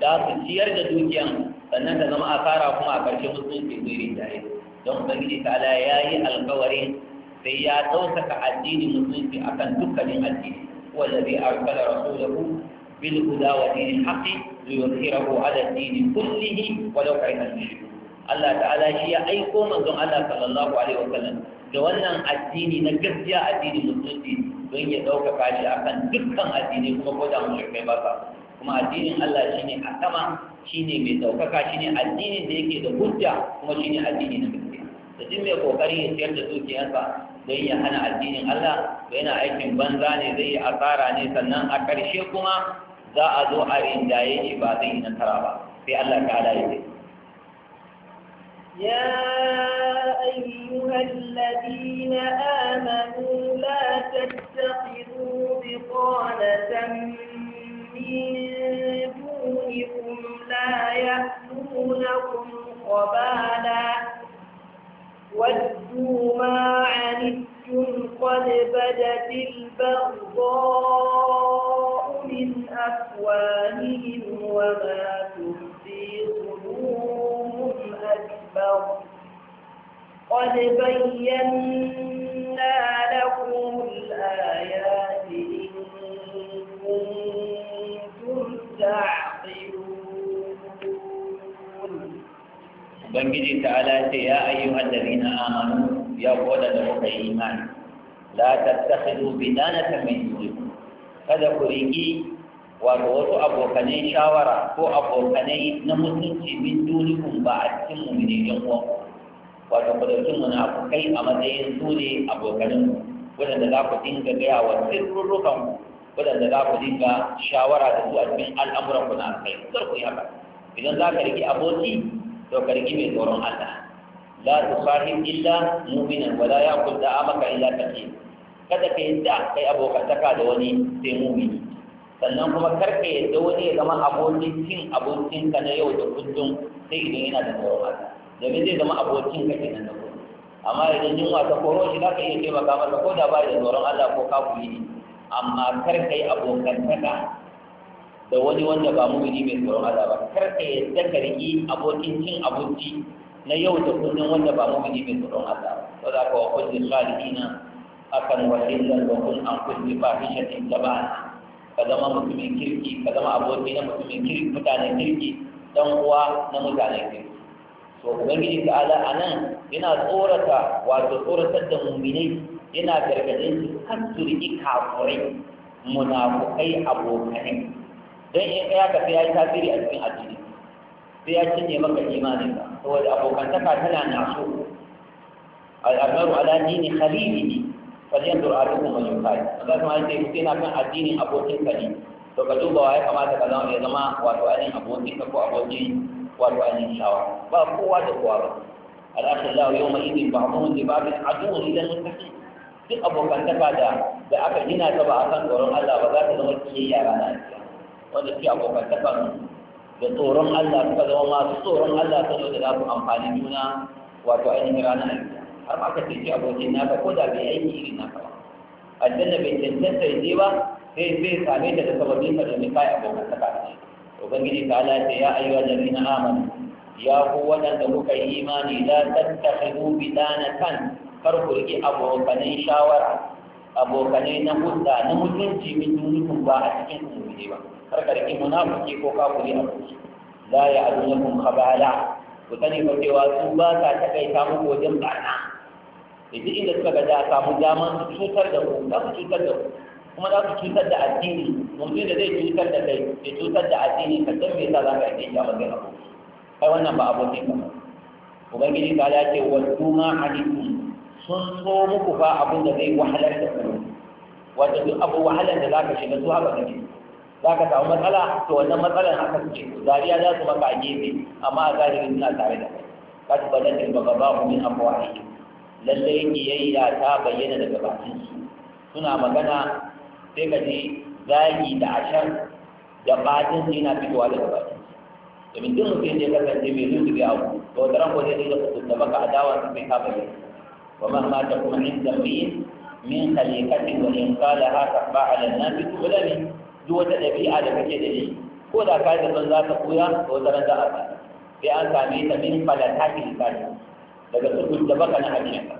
da su ciyar da dukiyan sannan ta zama a fara kuma a ƙarshe musulunci zai rinjaye don ubangiji Ta'ala ya yi alkawari sai ya ɗaukaka addinin musulunci akan dukkanin addini wallazi arsala rasulahu bil huda wa dinil haqqi liyuzhirahu ala dini kullihi walau kariha al-mushrikun Allah ta'ala shi ya aiko manzon Allah sallallahu alaihi wa sallam da wannan addini na gaskiya addini musulunci don ya ɗaukaka shi akan dukkan addini kuma ko da mushrikai ba sa kuma addinin Allah shi ne a sama shi ne mai ɗaukaka shi ne addinin da yake da hujja kuma shi ne addini na gaskiya da duk mai kokari ya ciyar da dukiyarsa don ya hana addinin Allah to yana aikin banza ne zai yi asara ne sannan a ƙarshe kuma za a zo a rinjaye shi ba zai yi nasara ba sai Allah ta ala ya يا أيها الذين آمنوا لا تتخذوا بطانة من دونكم لا يأتونكم خبالا ودوا ما عنتم قد بدت البغضاء من أفواههم وما تخفي صدورهم أكبر قد بينا لكم الآيات ta ya تعقلون بنجي تعالى يا أيها الذين آمنوا yi قول لك إيمان لا تتخذوا بنانة mai دونكم kada ku riƙi wato wasu abokanai shawara ko abokanai na mutunci min dunikun ba a cikin mummuni ɗan uwan wato ku ɗauki munafukai a matsayin su ne abokanin waɗanda za ku dinga gaya wa sirrukan waɗanda za ku dinga shawara da su a cikin al'amuran ku na alkhairi kar ku yi haka idan za ka riƙi aboki to ka riƙi mai tsoron Allah la tusahib illa mu'minan wa la ya'kul da'amaka illa taqi kada ka yadda kai abokantaka da wani sai mu'mini sannan kuma kar ka yadda wani ya zama abokin cin abokinka na yau da kullum sai idan yana da tsoron Allah domin zai zama abokin ka kenan da kullum amma idan yunwa ta koro shi za ka iya taimaka masa ko da ba da tsoron Allah ko kafuri ne amma kar ka yi abokantaka da wani wanda ba mumini mai tsoron Allah ba kar ka yi zakarki abokin cin abinci na yau da kullum wanda ba mumini mai tsoron Allah ba za ka wa kulli salihina akan wasillan wa kun an kulli fahishatin tabana ka zama mutumin kirki ka zama aboki na mutumin kirki mutanen kirki dan uwa na mutanen kirki to ubangiji ta'ala anan yana tsorata wato tsoratar da muminai yana gargaɗin su kan su riƙi kafurai munafukai abokanai don in ya ka sai ya yi tasiri a cikin addini sai ya cinye maka imanin ka saboda abokantaka tana naso al'amaru ala dini khalilihi falyan dur alukum wa yukai Allah kuma yace kuke na kan addinin abokin ka ne to ka duba waye kamata ka zama ya zama wato ainihin abokin ka ko abokin wato ainihin shawa ba kowa da kowa ba al'akhir lahu yawma idin ba'dhum li ba'd adun ila al-mustaqim duk tafa da da aka gina ta ba a kan tsoron Allah ba za ta zama kiyayya ranar kiyama wanda ke abokantakan da tsoron Allah suka zama masu tsoron Allah ta zo da za su amfani juna wato ainihin ranar kiyama har ma ka ce abokin naka ko da bai aiki irin naka ba aljanna bai cancanta ya je ba sai zai same ta da sababin ka domin kai abokantaka da shi ubangiji ta ala ce ya ayyuha na amanu ya ku waɗanda muka yi imani la tattakhidu bidanatan kar ku riƙe abokanai shawara abokanai na hudda na mutunci min dunukun ba a cikin umuri ba kar ka riƙe munafiki ko kafuri a kuki la ya adunakum khabala ku sani ba cewa su ba sa takaita muku wajen barna yanzu inda suka ga da samu dama, su cutar da ku za su cutar da ku kuma za su cutar da addini mutum da zai cutar da kai ya cutar da addini ka san me yasa za ka yi shi a matsayin kai wannan ba abokin ka ba ubangiji ta ya ce wa tuma hadisun sun so muku fa abin da zai wahalar da ku Wata duk abu wahalar da zaka shiga su haka kake ka samu matsala to wannan matsalar haka ce. zariya za su maka gefe amma a zahirin suna tare da kai Ka bada badatin baka ba ku min afwahi lalle kiyayya ta bayyana daga bakin su suna magana sai ka ji zagi da ashar da batin su yana fitowa daga bakin su domin duk mutum da ya kasance mai zuciya abu to wata ran ko zai dinga da baka adawa su kai ka bayyana ومن مات كما عند الدين من خليقة وإن قالها تخفى على الناس تؤلم دوة ɗabi'a da kake da ko da ka yi zaton za ta koya ko wata za a sami sai an same ta min falatakin kari daga sukun da baka na hajjiyarka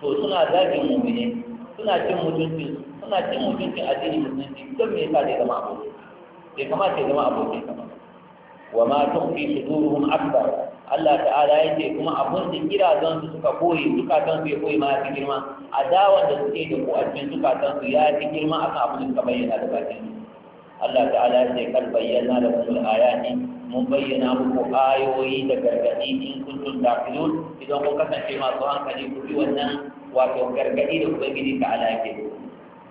to suna zagin mummune suna cin mutunci suna cin mutuncin addinin don me yasa zai zama aboki Sai kama sai zama abokin ka ba wa ma tuqi suduruhum akbar Allah ta'ala ya ce kuma abin da zan su suka koyi zukatan su ya koyi ma ya fi girma adawan da suke da ko a cikin zukatan su ya fi girma akan abin da suka bayyana da bakin Allah ta'ala ya ce kar bayyana da kuma ayati mun bayyana muku ayoyi da gargadi in kuntum taqilun idan kun kasance masu hankali ku bi wannan wato gargadi da ubangiji ta'ala yake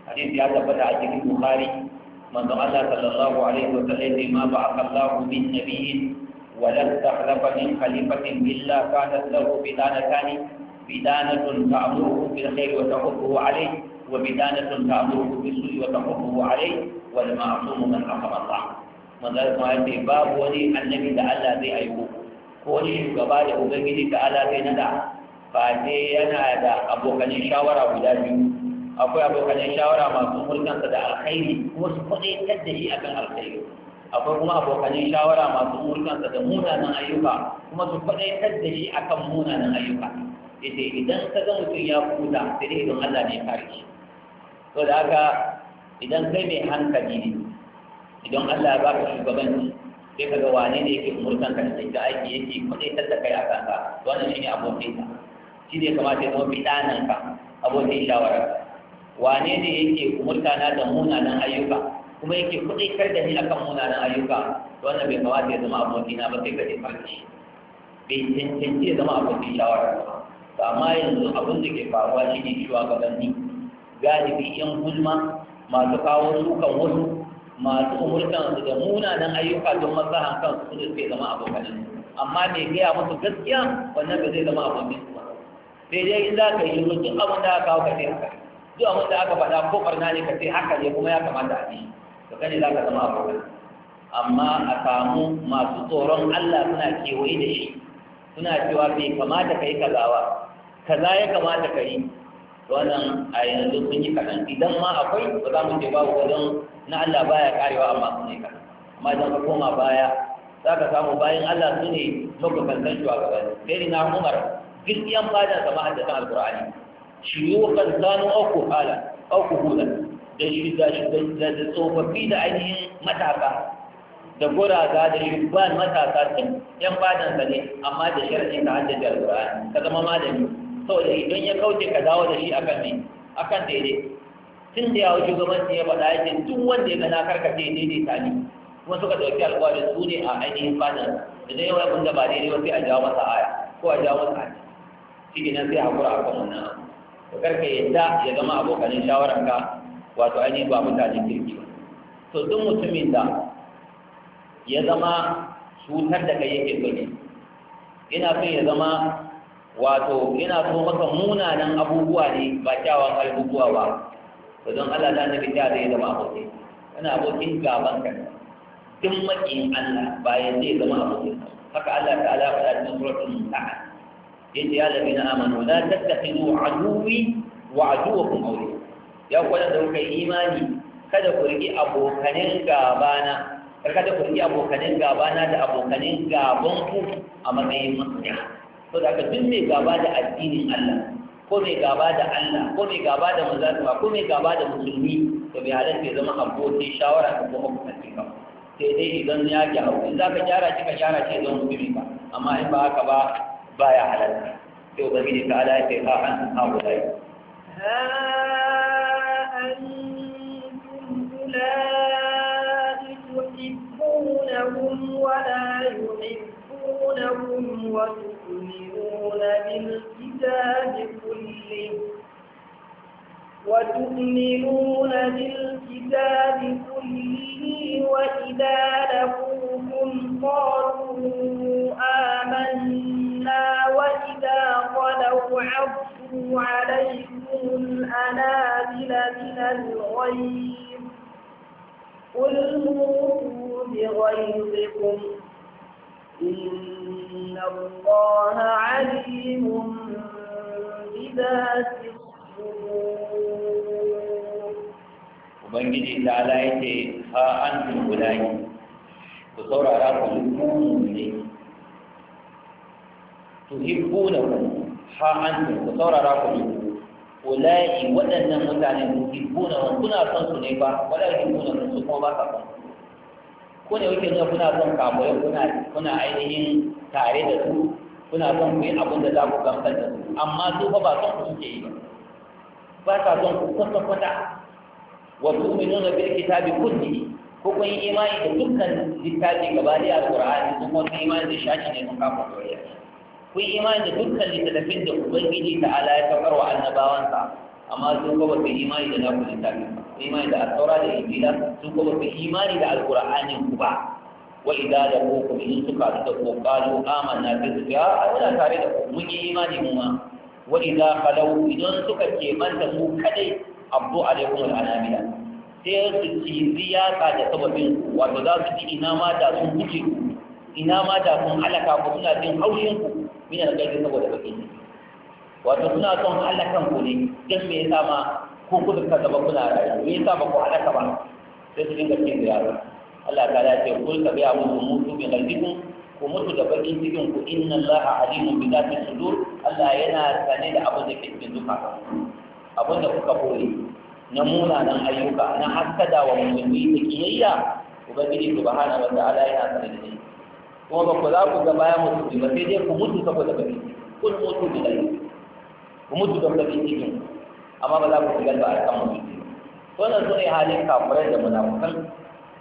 hadisi ya tabbata a cikin bukhari manzon Allah sallallahu alaihi wa sallam ma Kalla Allahu bin nabiyyin ولن تحلف من خليفة إلا كانت له بدانتان بدانة تأمره بالخير وتحبه عليه وبدانة تأمره بالسوء وتحبه عليه والمعصوم من رحم الله wannan kuma ya babu wani annabi da Allah zai aiko ko ne gaba da ubangiji da Allah zai nada ba dai yana da abokanin shawara guda biyu akwai abokanin shawara masu mulkansa da alkhairi kuma su kwadaitar da shi akan alkhairi akwai kuma abokanin shawara masu murkansa da munanan ayyuka kuma su faɗaitar da shi akan munanan ayyuka yace idan ka ga mutum ya kuta sai dai idan Allah ne ya kare shi to da haka idan kai mai hankali ne idan Allah ya baka shugabanci sai ka ga wane ne yake murkan ka da ka aiki yake faɗaitar da kai akan ka wannan shine abokin ka shi ne kamata ya zama bidanan ka abokin shawara wane ne yake murkana da munanan ayyuka kuma yake kar da ni kan munanan ayyuka wannan bai kamata ya zama abokina ba sai ka je farki bai cancanci ya zama abokin shawara ba amma yanzu abin da ke faruwa shi ne shugabanni galibi yan gulma masu kawo sukan wasu masu umurtan su da munanan ayyuka don maslahan kansu su da zama abokan amma mai gaya musu gaskiya wannan ba zai zama abokin su ba sai dai in za ka yi duk abin da aka kawo ka sai haka zuwa mun da aka faɗa ko ɓarna ne ka sai haka ne kuma ya kamata a yi to kane za ka zama abokan amma a samu masu tsoron Allah suna kewaye da shi suna cewa bai kamata ka yi kazawa kaza ya kamata ka yi wannan a yanzu sun yi kaɗan idan ma akwai ba za mu ce babu wajen na Allah baya karewa amma sun yi kaɗan amma idan ka koma baya za ka samu bayan Allah su ne makakantan shugabanni sai na Umar gaskiyan fadar shi yi wa kan zanu au hala au kuhulan da da tsofaffi da ainihin matasa da guraza da shugban matasa tun yan badansa ne amma da ta ka da alfura ka zama malami saboda idan ya kauce ka dawo da shi akan ne akan daidai tun da wuce shugabanci ya faɗa yake tun wanda ya gana karkace daidai ta ne kuma suka ɗauki alƙawarin su ne a ainihin da zai yawa abin da ba daidai wasu sai a jawo masa aya ko a jawo masa aya shi ne sai a hakura a kan wannan ka karka yadda ya zama abokanin shawararka wato ainihin ba mutanen kirki to duk mutumin da ya zama cutar da kai yake so ne ina so ya zama wato ina so maka munanan abubuwa ne ba kyawawan abubuwa ba to don Allah ta nabi ta zai zama aboki Kana abokin gaban ka duk makin Allah bayan zai zama abokin haka Allah ta'ala faɗa cikin suratul mumtahana yace ya ladina amanu la tattakhidu aduwi wa aduwakum awliya ya kwada da kuka imani kada ku riƙi abokanin gabana kada ku riƙi abokanin gabana da abokanin gaban ku a matsayin masoya to da aka duk mai gaba da addinin Allah ko mai gaba da Allah ko mai gaba da mazalima ko mai gaba da musulmi to bai halatta ya zama abokin shawara ka ko abokin ka sai dai idan ya gyaru in za ka gyara shi ka gyara shi zan mutumin ka amma in ba haka ba baya halatta sai ubangiji ta ala ya ce ha an ha guda تحبونهم ولا يحبونهم وتؤمنون بالكتاب كله وتؤمنون بالكتاب كله وإذا لقوكم قالوا آمنا وإذا خلوا عبدوا عليكم الأنابل من الغيب قل موتوا بغيظكم إن الله عليم بذات الصدور وبنجي تعالى يتي ها أنتم تصور وصور أراكم المؤمنين تحبونه ها أنتم تصور أراكم المؤمنين ulai waɗannan mutane yuhibbuna wa kuna son su ne ba wala yuhibbuna su kuma ba ka son ko ne kuke nuna kuna son kafirai kuna kuna ainihin tare da su kuna son ku yi abin da za ku gamsar da su amma su ba son ku suke yi ba ba ka son ku kwata kwata wa tu'minuna bil kitabi kullihi ko kun yi imani da dukkan littafi gaba da alqur'ani sun wani imani da shashi ne sun kafa soyayya Kun yi imani da dukkan littattafin da ubangiji ta ala ya saukar wa annabawansa amma sun kuma ku imani da naku littafin ku imani da alƙawara da injila sun kuma ku imani da alƙur'anin ku ba wa idza laqukum in suka da ku qalu amanna bi ya Allah tare da ku mun yi imani mu ma wa idza khalu idan suka ke manta mu kadai abdu alaikum al-anamila sai su ci ziyaka da sababin wato za su ji ina ma da sun guje ina ma da sun halaka ku suna jin haushin ku Mina min alƙairi saboda baki. ciki wato suna son halakan ku ne don me yasa ma ko kudu ka zama kuna rayu me yasa ba ku halaka ba sai su dinga cin ziyara Allah ta ya ce kul ka biya musu mutu bi qalbikum ku mutu da bakin cikin ku inna Allah alimun bi dhati sudur Allah yana sane da abin da ke cikin zuciya abin da kuka kore na munanan ayyuka na haskada wa musulmi da kiyayya ubangiji subhanahu wa ta'ala yana sane da shi kuma ba ku za ku ga bayan musulmi ba sai dai ku mutu saboda baki kun mutu da dai ku mutu da baki cikin amma ba za ku shiga da arkan musulmi wannan su yi halin kafirai da munafukan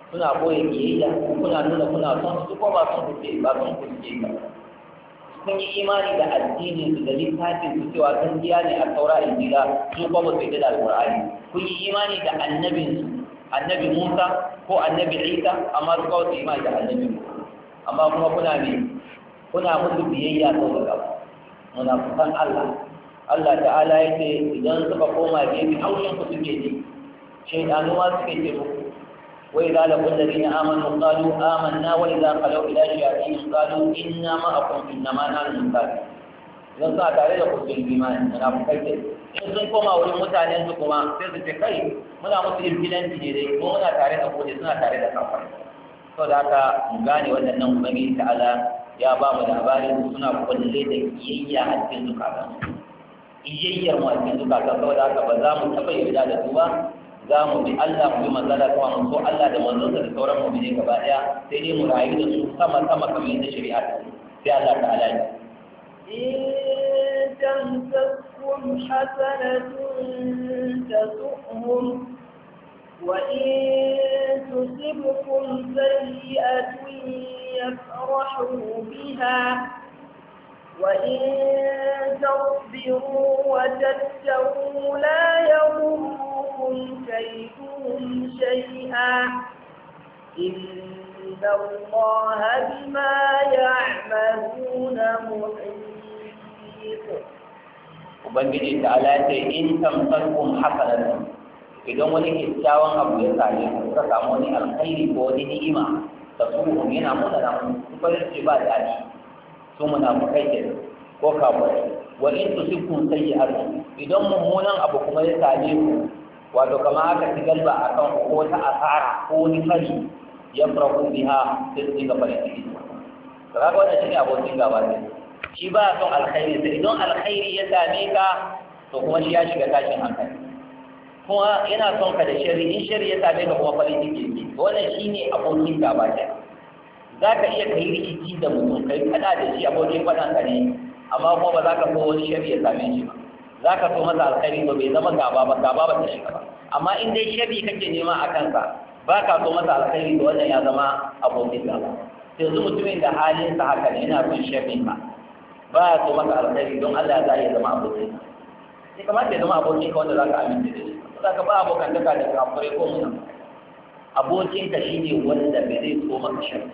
suna boye kiyayya kuna nuna kuna son su ko ba son ku ba son kuke ce ba sun yi imani da addinin su da littafin su cewa gaskiya ne a saura injila su kuma su yi da alƙur'ani. kun yi imani da annabin su annabi Musa ko annabi Isa amma su kawai su imani da annabi Musa amma kuma kuna ne kuna musu biyayya sau da gaba munafukan Allah Allah ta'ala ya ce idan suka koma gefe haushin ku suke ji shaidanu ma suke ce muku wai za da kun da zina amanu kalu amanna wai za ka lau ila shafi kalu inna ma akun inna ma na nan kalu idan suna tare da kusur imani munafukai ce in sun koma wurin mutanen su kuma sai su ce kai muna musu irgilanci ne dai ko muna tare da kuje suna tare da kafar sau da haka mu gane waɗannan ubangiji ta'ala ya ba mu labarin suna kwalle da kiyayya a cikin zukatan iyayyar mu a cikin zukatan sau da haka ba za mu taɓa yarda da su ba za mu bi Allah mu bi manzala kuma mu so Allah da manzonsa da sauran mu bi gaba ɗaya, sai dai mu rayu da su sama sama kamar yadda shari'a ta sai Allah ta alaji in tamsakum hasanatun tasu'hum وإن تصبكم سيئة يفرحوا بها وإن تصبروا وتتقوا لا يضركم كيدهم شيئا إن الله بما يعملون محيط وبنجد على إن تمسكم حسنة idan wani kyakkyawan abu ya sami ka samu wani alkhairi ko wani ni'ima ta suhun yana muna na mun farin ce ba daɗi su muna mu kai ke ko kawai wa in su tusibkum sayyi'atun idan mummunan abu kuma ya sami ku wato kamar aka ci galba kan ko wata asara ko wani fari ya ku biya sai su dinga farin ciki to kaga wannan shine abokin gaba ne shi ba son alkhairi sai idan alkhairi ya same ka to kuma shi ya shiga tashin hankali kuma yana son ka da shari in shari ya same ka kuma farin ciki ne wannan ne abokin gaba ɗaya za ka iya kai rikici da mutum kai faɗa da shi abokin faɗan ka ne amma kuma ba za ka so wani shari ya same shi ba za ka so masa alkhairi ba bai zama gaba ba gaba ba ta shiga ba amma in dai shari kake nema a kansa ba ka so masa alkhairi da wannan ya zama abokin gaba yanzu mutumin da halinsa haka ne yana son shari ba ba ya so masa alkhairi don Allah ya zama abokin sai kamata ya zama abokin ka wanda za ka amince da shi saka ba abokantaka da kafirai ko suna abokinka shi ne wanda bai zai so maka shari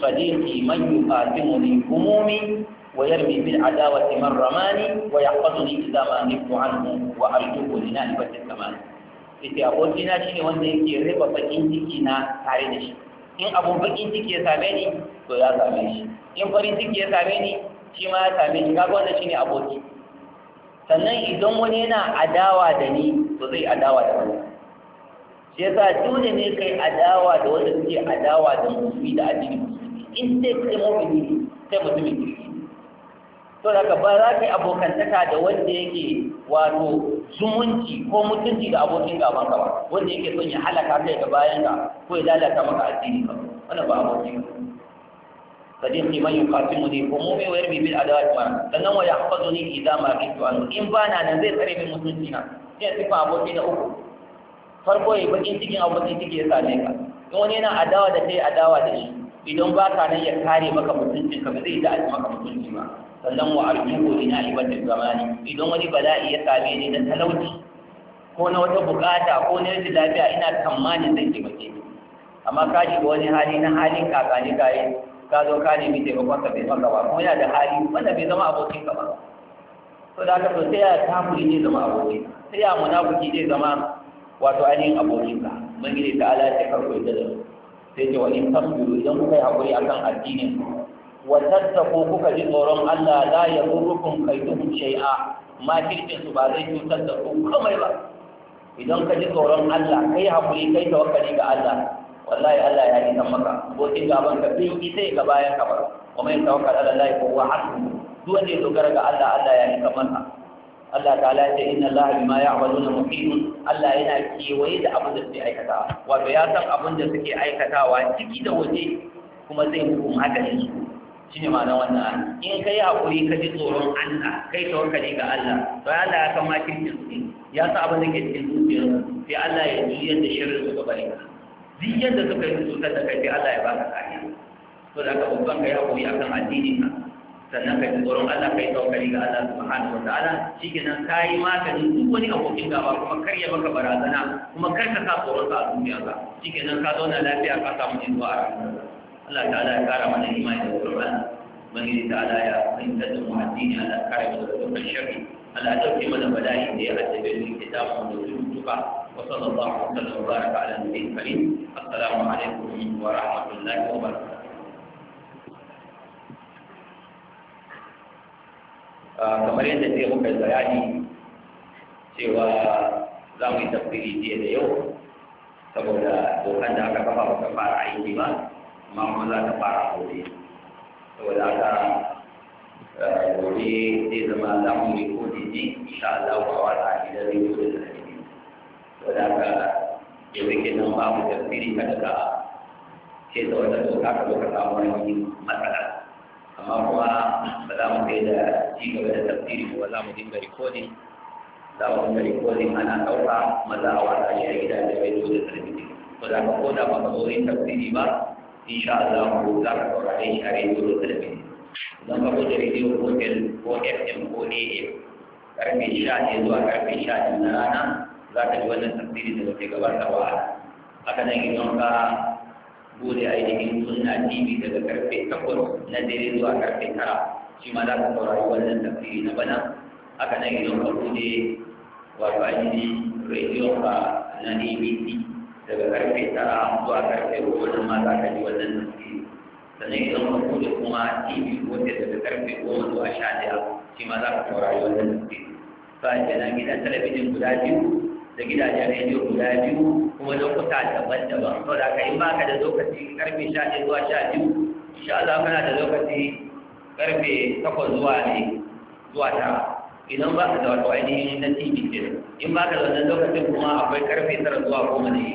sadiqi man yuqatimu wani umumi wa yarmi bil adawati man ramani wa yahfazuni idza ma nifu anhu wa arjuhu li nahibati kamal ita abokina shine wanda yake riba bakin ciki na tare da shi in abun bakin ciki ya same ni to ya same shi in farin ciki ya same ni shi ma ya same shi kaga wannan shine aboki sannan idan wani yana adawa da ni ba zai adawa da Allah shi sa dole ne kai adawa da wanda suke adawa da musulmi da addini musulmi in dai kai mu'mini kai mutumin kirki to daga ba za ka yi abokantaka da wanda yake wato zumunci ko mutunci da abokin gaban ka ba wanda yake son ya halaka kai da bayan ka ko ya lalata maka addini ka wannan ba abokin ka sadin ki man mu ne ko mu'min wa yarmi bil adawati ma sannan wa yahfazuni idza ma kuntu an in bana nan zai tsare min mutunci na shi sifan aboki na uku farko ya bakin cikin abokin ciki ya same ka in wani yana adawa da kai adawa da shi idan ba ka nan ya kare maka mutuncin ka ba zai da maka mutunci ba sannan wa ko ina ibadar zamani idan wani bala'i ya same ni na talauci ko na wata bukata ko na yanzu lafiya ina tsammanin zai ke mace amma ka ba wani hali na halin kakani kaye ka zo ka nemi taimakon ka bai maka ba kuma yana da hali wanda bai zama abokin ka ba to da haka sai ya kafiri ne zama aboki sai ya munafiki zai zama wato ainihin abokin ka ubangiji ta ala ta karko ita da sai ce wa in tasbiru idan kuka yi hakuri akan addinin wa tattako kuka ji tsoron Allah la kai kaiduhum shay'a ma kirkin su ba zai cutar da ku kamai ba idan ka ji tsoron Allah kai hakuri kai tawakkali ga Allah wallahi Allah ya yi maka abokin gaban ka bin ita ga bayan ka ba kuma in tawakkal Allah ya kowa hasbu duk wanda ya dogara ga Allah Allah ya yi kamar ha Allah ta ala ce inna Allah bima na muhitun Allah yana kewaye da abin da suke aikatawa wato ya san abin da suke aikatawa ciki da waje kuma zai hukum haka ne su shine ma'anar wannan in kai hakuri ka ji tsoron Allah kai tawakkali ga Allah to Allah ya san ma kirkin su ya san abin da ke cikin zuciyar sai Allah ya juyar da shirin suka bari ka. duk da suka yi cutar da kai sai Allah ya ba ka kariya to da ka babban kai hakuri akan addinin ka sannan ka tsoron Allah ka yi tawakkali ga Allah subhanahu wa ta'ala nan ka yi maganin duk wani abokin gaba kuma kar ya maka barazana kuma kar ka sa tsoron ka a duniya ka nan ka zauna lafiya ka samu jin a rayuwa Allah ta'ala ya kara mana imani da tsoron Allah ubangiji ta'ala ya fahimtar da mu addini Allah ya kare mu daga dukkan sharri Allah ya dauke mana bala'i da ya haddabe mu ke damu da zuciya وصلى الله وسلم وبارك على النبي assalamu alaikum wa rahmatullahi wa barakatuh Ah, kamar yadda sai muka bayani cewa za mu yi tafsiri jiya da yau saboda dokan da aka kafa ba ta fara aiki ba amma kuma za ta fara gobe saboda aka ah, gobe zai zama za mu yi kodi ne insha Allah ba wa ta yi kodi da yi saboda aka haka nan ba mu tafsiri kada ka ce da wata doka ka zo ka samu wani matsala amma kuma ba za mu kai da ci gaba da tafsiri ba za mu dinga rikodin za mu dinga ana ɗauka maza a wata shi a da bai da talabijin ko da ka ko da ba ka zo yin tafsiri ba in sha Allah ko za ka saurare shi a rediyo da talabijin idan ka bude rediyo ko tel ko fm ko am karfe sha ne zuwa karfe sha biyu na rana za ka ji wannan tafsiri da ba gabata gabatarwa haka nan idan ka bude ainihin sunna tv daga karfe takwas na dare zuwa karfe tara shi ma za ka saurari wannan tafsiri na bana na nan idan ka bude wato ainihin rediyo ka na abc daga karfe tara zuwa karfe goma ma za ka ji wannan tafsiri sannan idan ka bude kuma tv wanda daga karfe goma zuwa sha ɗaya shi ma za ka saurari wannan tafsiri sa'an kenan gidan talabijin guda biyu da gidajen rediyo guda biyu kuma lokuta daban-daban da in ba ka da lokaci karfe zuwa insha Allah kana da lokaci karfe zuwa ne zuwa idan ba ka da wato ainihin na tv ke in ba ka da wannan kuma akwai karfe zuwa ne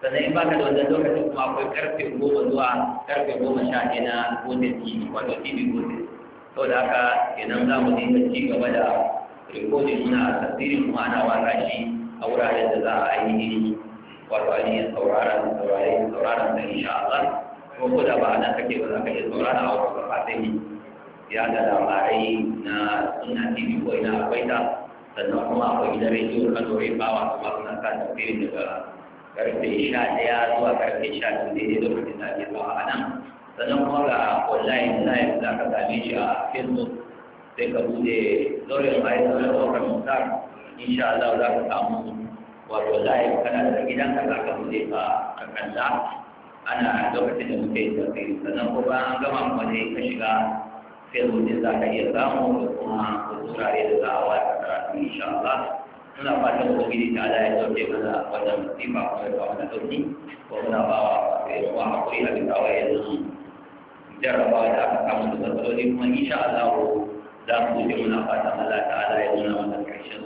sannan in ba ka da wannan kuma akwai karfe zuwa karfe sha na tv wato tv da za mu ci gaba da rikodin tasirin ma'ana wa rashi a wuraren da za a ainihin wato ainihin sauraron sauraron sauraron da insha Allah ko ko da ba nan kake ba za ka iya saurara a wasu kafafen ya da labarai na suna TV ko ina akwai ta sannan kuma akwai gidan rediyo kan dore bawa su ma suna sa tafiyar daga karfe sha ɗaya zuwa karfe sha biyu daidai lokacin da ake zuwa a nan sannan kuma ga online live za ka same shi a facebook sai ka bude dole ma ya zama ɗaukar mutar insha Allah za ka samu wato live kana da gidan ka za ka bude ka ka kalla ana lokacin da muke kai sannan ko bayan an gama kuma ne ka shiga facebook din za ka iya samu da kuma wurare da za a wata karatu insha Allah muna fatan ta Allah ya dauke mana wannan musiba ko ya kawo mana ko muna ba wa wa hakuri a bisa wa yanzu jarrabawa da aka kama da matsaloli kuma insha Allah za mu je muna fatan Allah ta'ala ya nuna mana karshen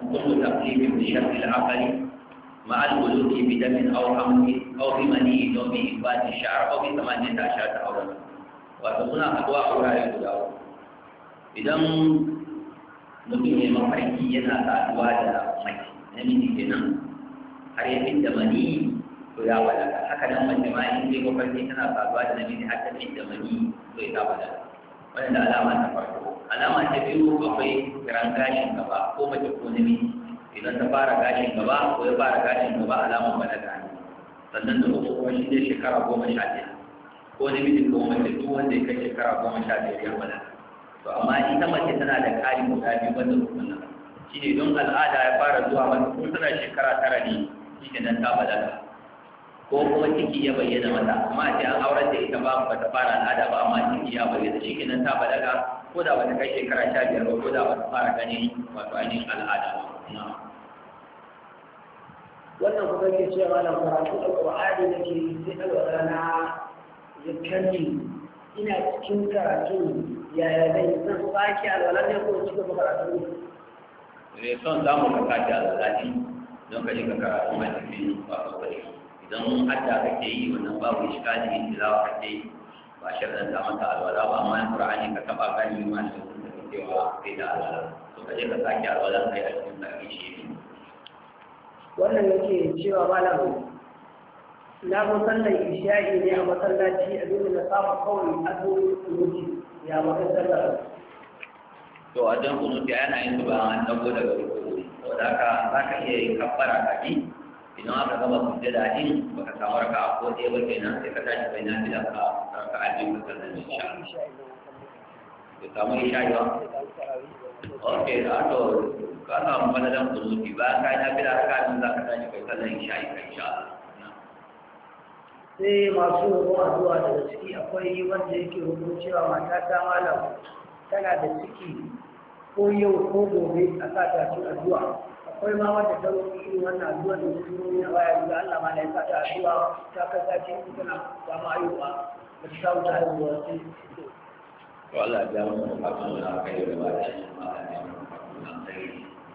كل تقليد بشرط العقل مع الولوك بدم أو حمل أو بمني أو بإنبات الشعر أو بثمانية عشرة عورة وتصنع أدواء أوراق الدواء إذا mutum ya mafarki yana saduwa da mace namiji kenan har ya fidda mani to ya wadata haka nan mace ma in dai mafarki tana saduwa da namiji har ta fidda mani to ya wadata wannan alama ta farko alama ta biyu akwai kiran gashin gaba ko mace ko namiji idan ta fara gashin gaba ko ya fara gashin gaba ba balaga gani sannan da uku kuma shi ne shekara goma sha biyar ko namiji ko mace duk wanda ya kai shekara goma sha biyar ya bada to amma ita mace tana da kari guda biyu wanda rukun nan shi ne don al'ada ya fara zuwa mata kuma tana shekara tara ne shi ne nan ta balaga ko kuma ciki ya bayyana mata amma ce an auren da ita ba ba ta fara al'ada ba amma ciki ya bayyana shi kenan ta balaga ko da wata kai shekara sha biyar ba ko da ba ta fara ganin wato ainihin al'ada ba wannan kuma ke ce ma nan karatu da ƙwa'adi da ke sai alwala na zikarci ina cikin karatu yaya zai zan sake alwala ne ko ci gaba karatu ne eh, son mu ka sake alwala ne don ka ka karatu mai tafi ba su idan adda kake yi wannan babu iskali in tilawa kake yi ba shi da ta alwala ba amma in qur'ani ka taba gani ma da sun da cewa kai da alwala to ka je ka sake alwala kai a cikin da kake shi wannan yake cewa malam na zo sallar isha'i ne a masallaci a duk na samu kawai azumin kunuti ya maka sallar to a dan da yana yin ba an dago daga rukuni da ka za ka iya yin kabbara kaji idan aka gama da din baka samu raka ko ɗaya ba kenan sai ka tashi kai na fila ka raka a biyu ka sannan insha Allah ka samu insha Allah okay a to ka samu manajan kuzuki ba ka yi na fila raka din za ka tashi kai sannan insha Allah sai masu roƙon addu'a daga ciki akwai wanda yake roƙon cewa mata ta malam tana da ciki ko yau ko gobe a sa ta addu'a akwai ma wanda ta roƙi irin wannan addu'a da musulmi a waya da Allah ma ya sata addu'a ta kai sati uku tana samu ayyuka ba ta samu ta haihuwa sai to Allah ya mu da fatan da aka yi da baki ma da ne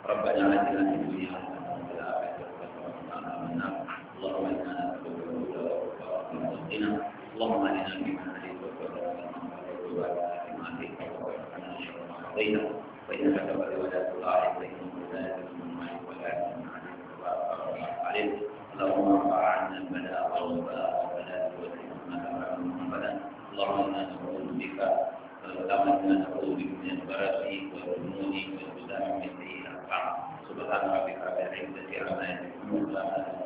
ربنا آتنا في الدنيا حسنة وفي الآخرة حسنة وقنا عذاب النار اللهم إنا نسألك الهدى والتقى والغنى اللهم آتنا فيما هديت وتولنا فيما هديت وبارك لنا فيما هديت وقنا شر ما قضينا فإنك تبارك اللهم انا نعوذ بك اللهم انا نعوذ بك من البرد والجنون والبدن من سيئ الافعال سبحان ربك رب العزه عما يصفون وسلام على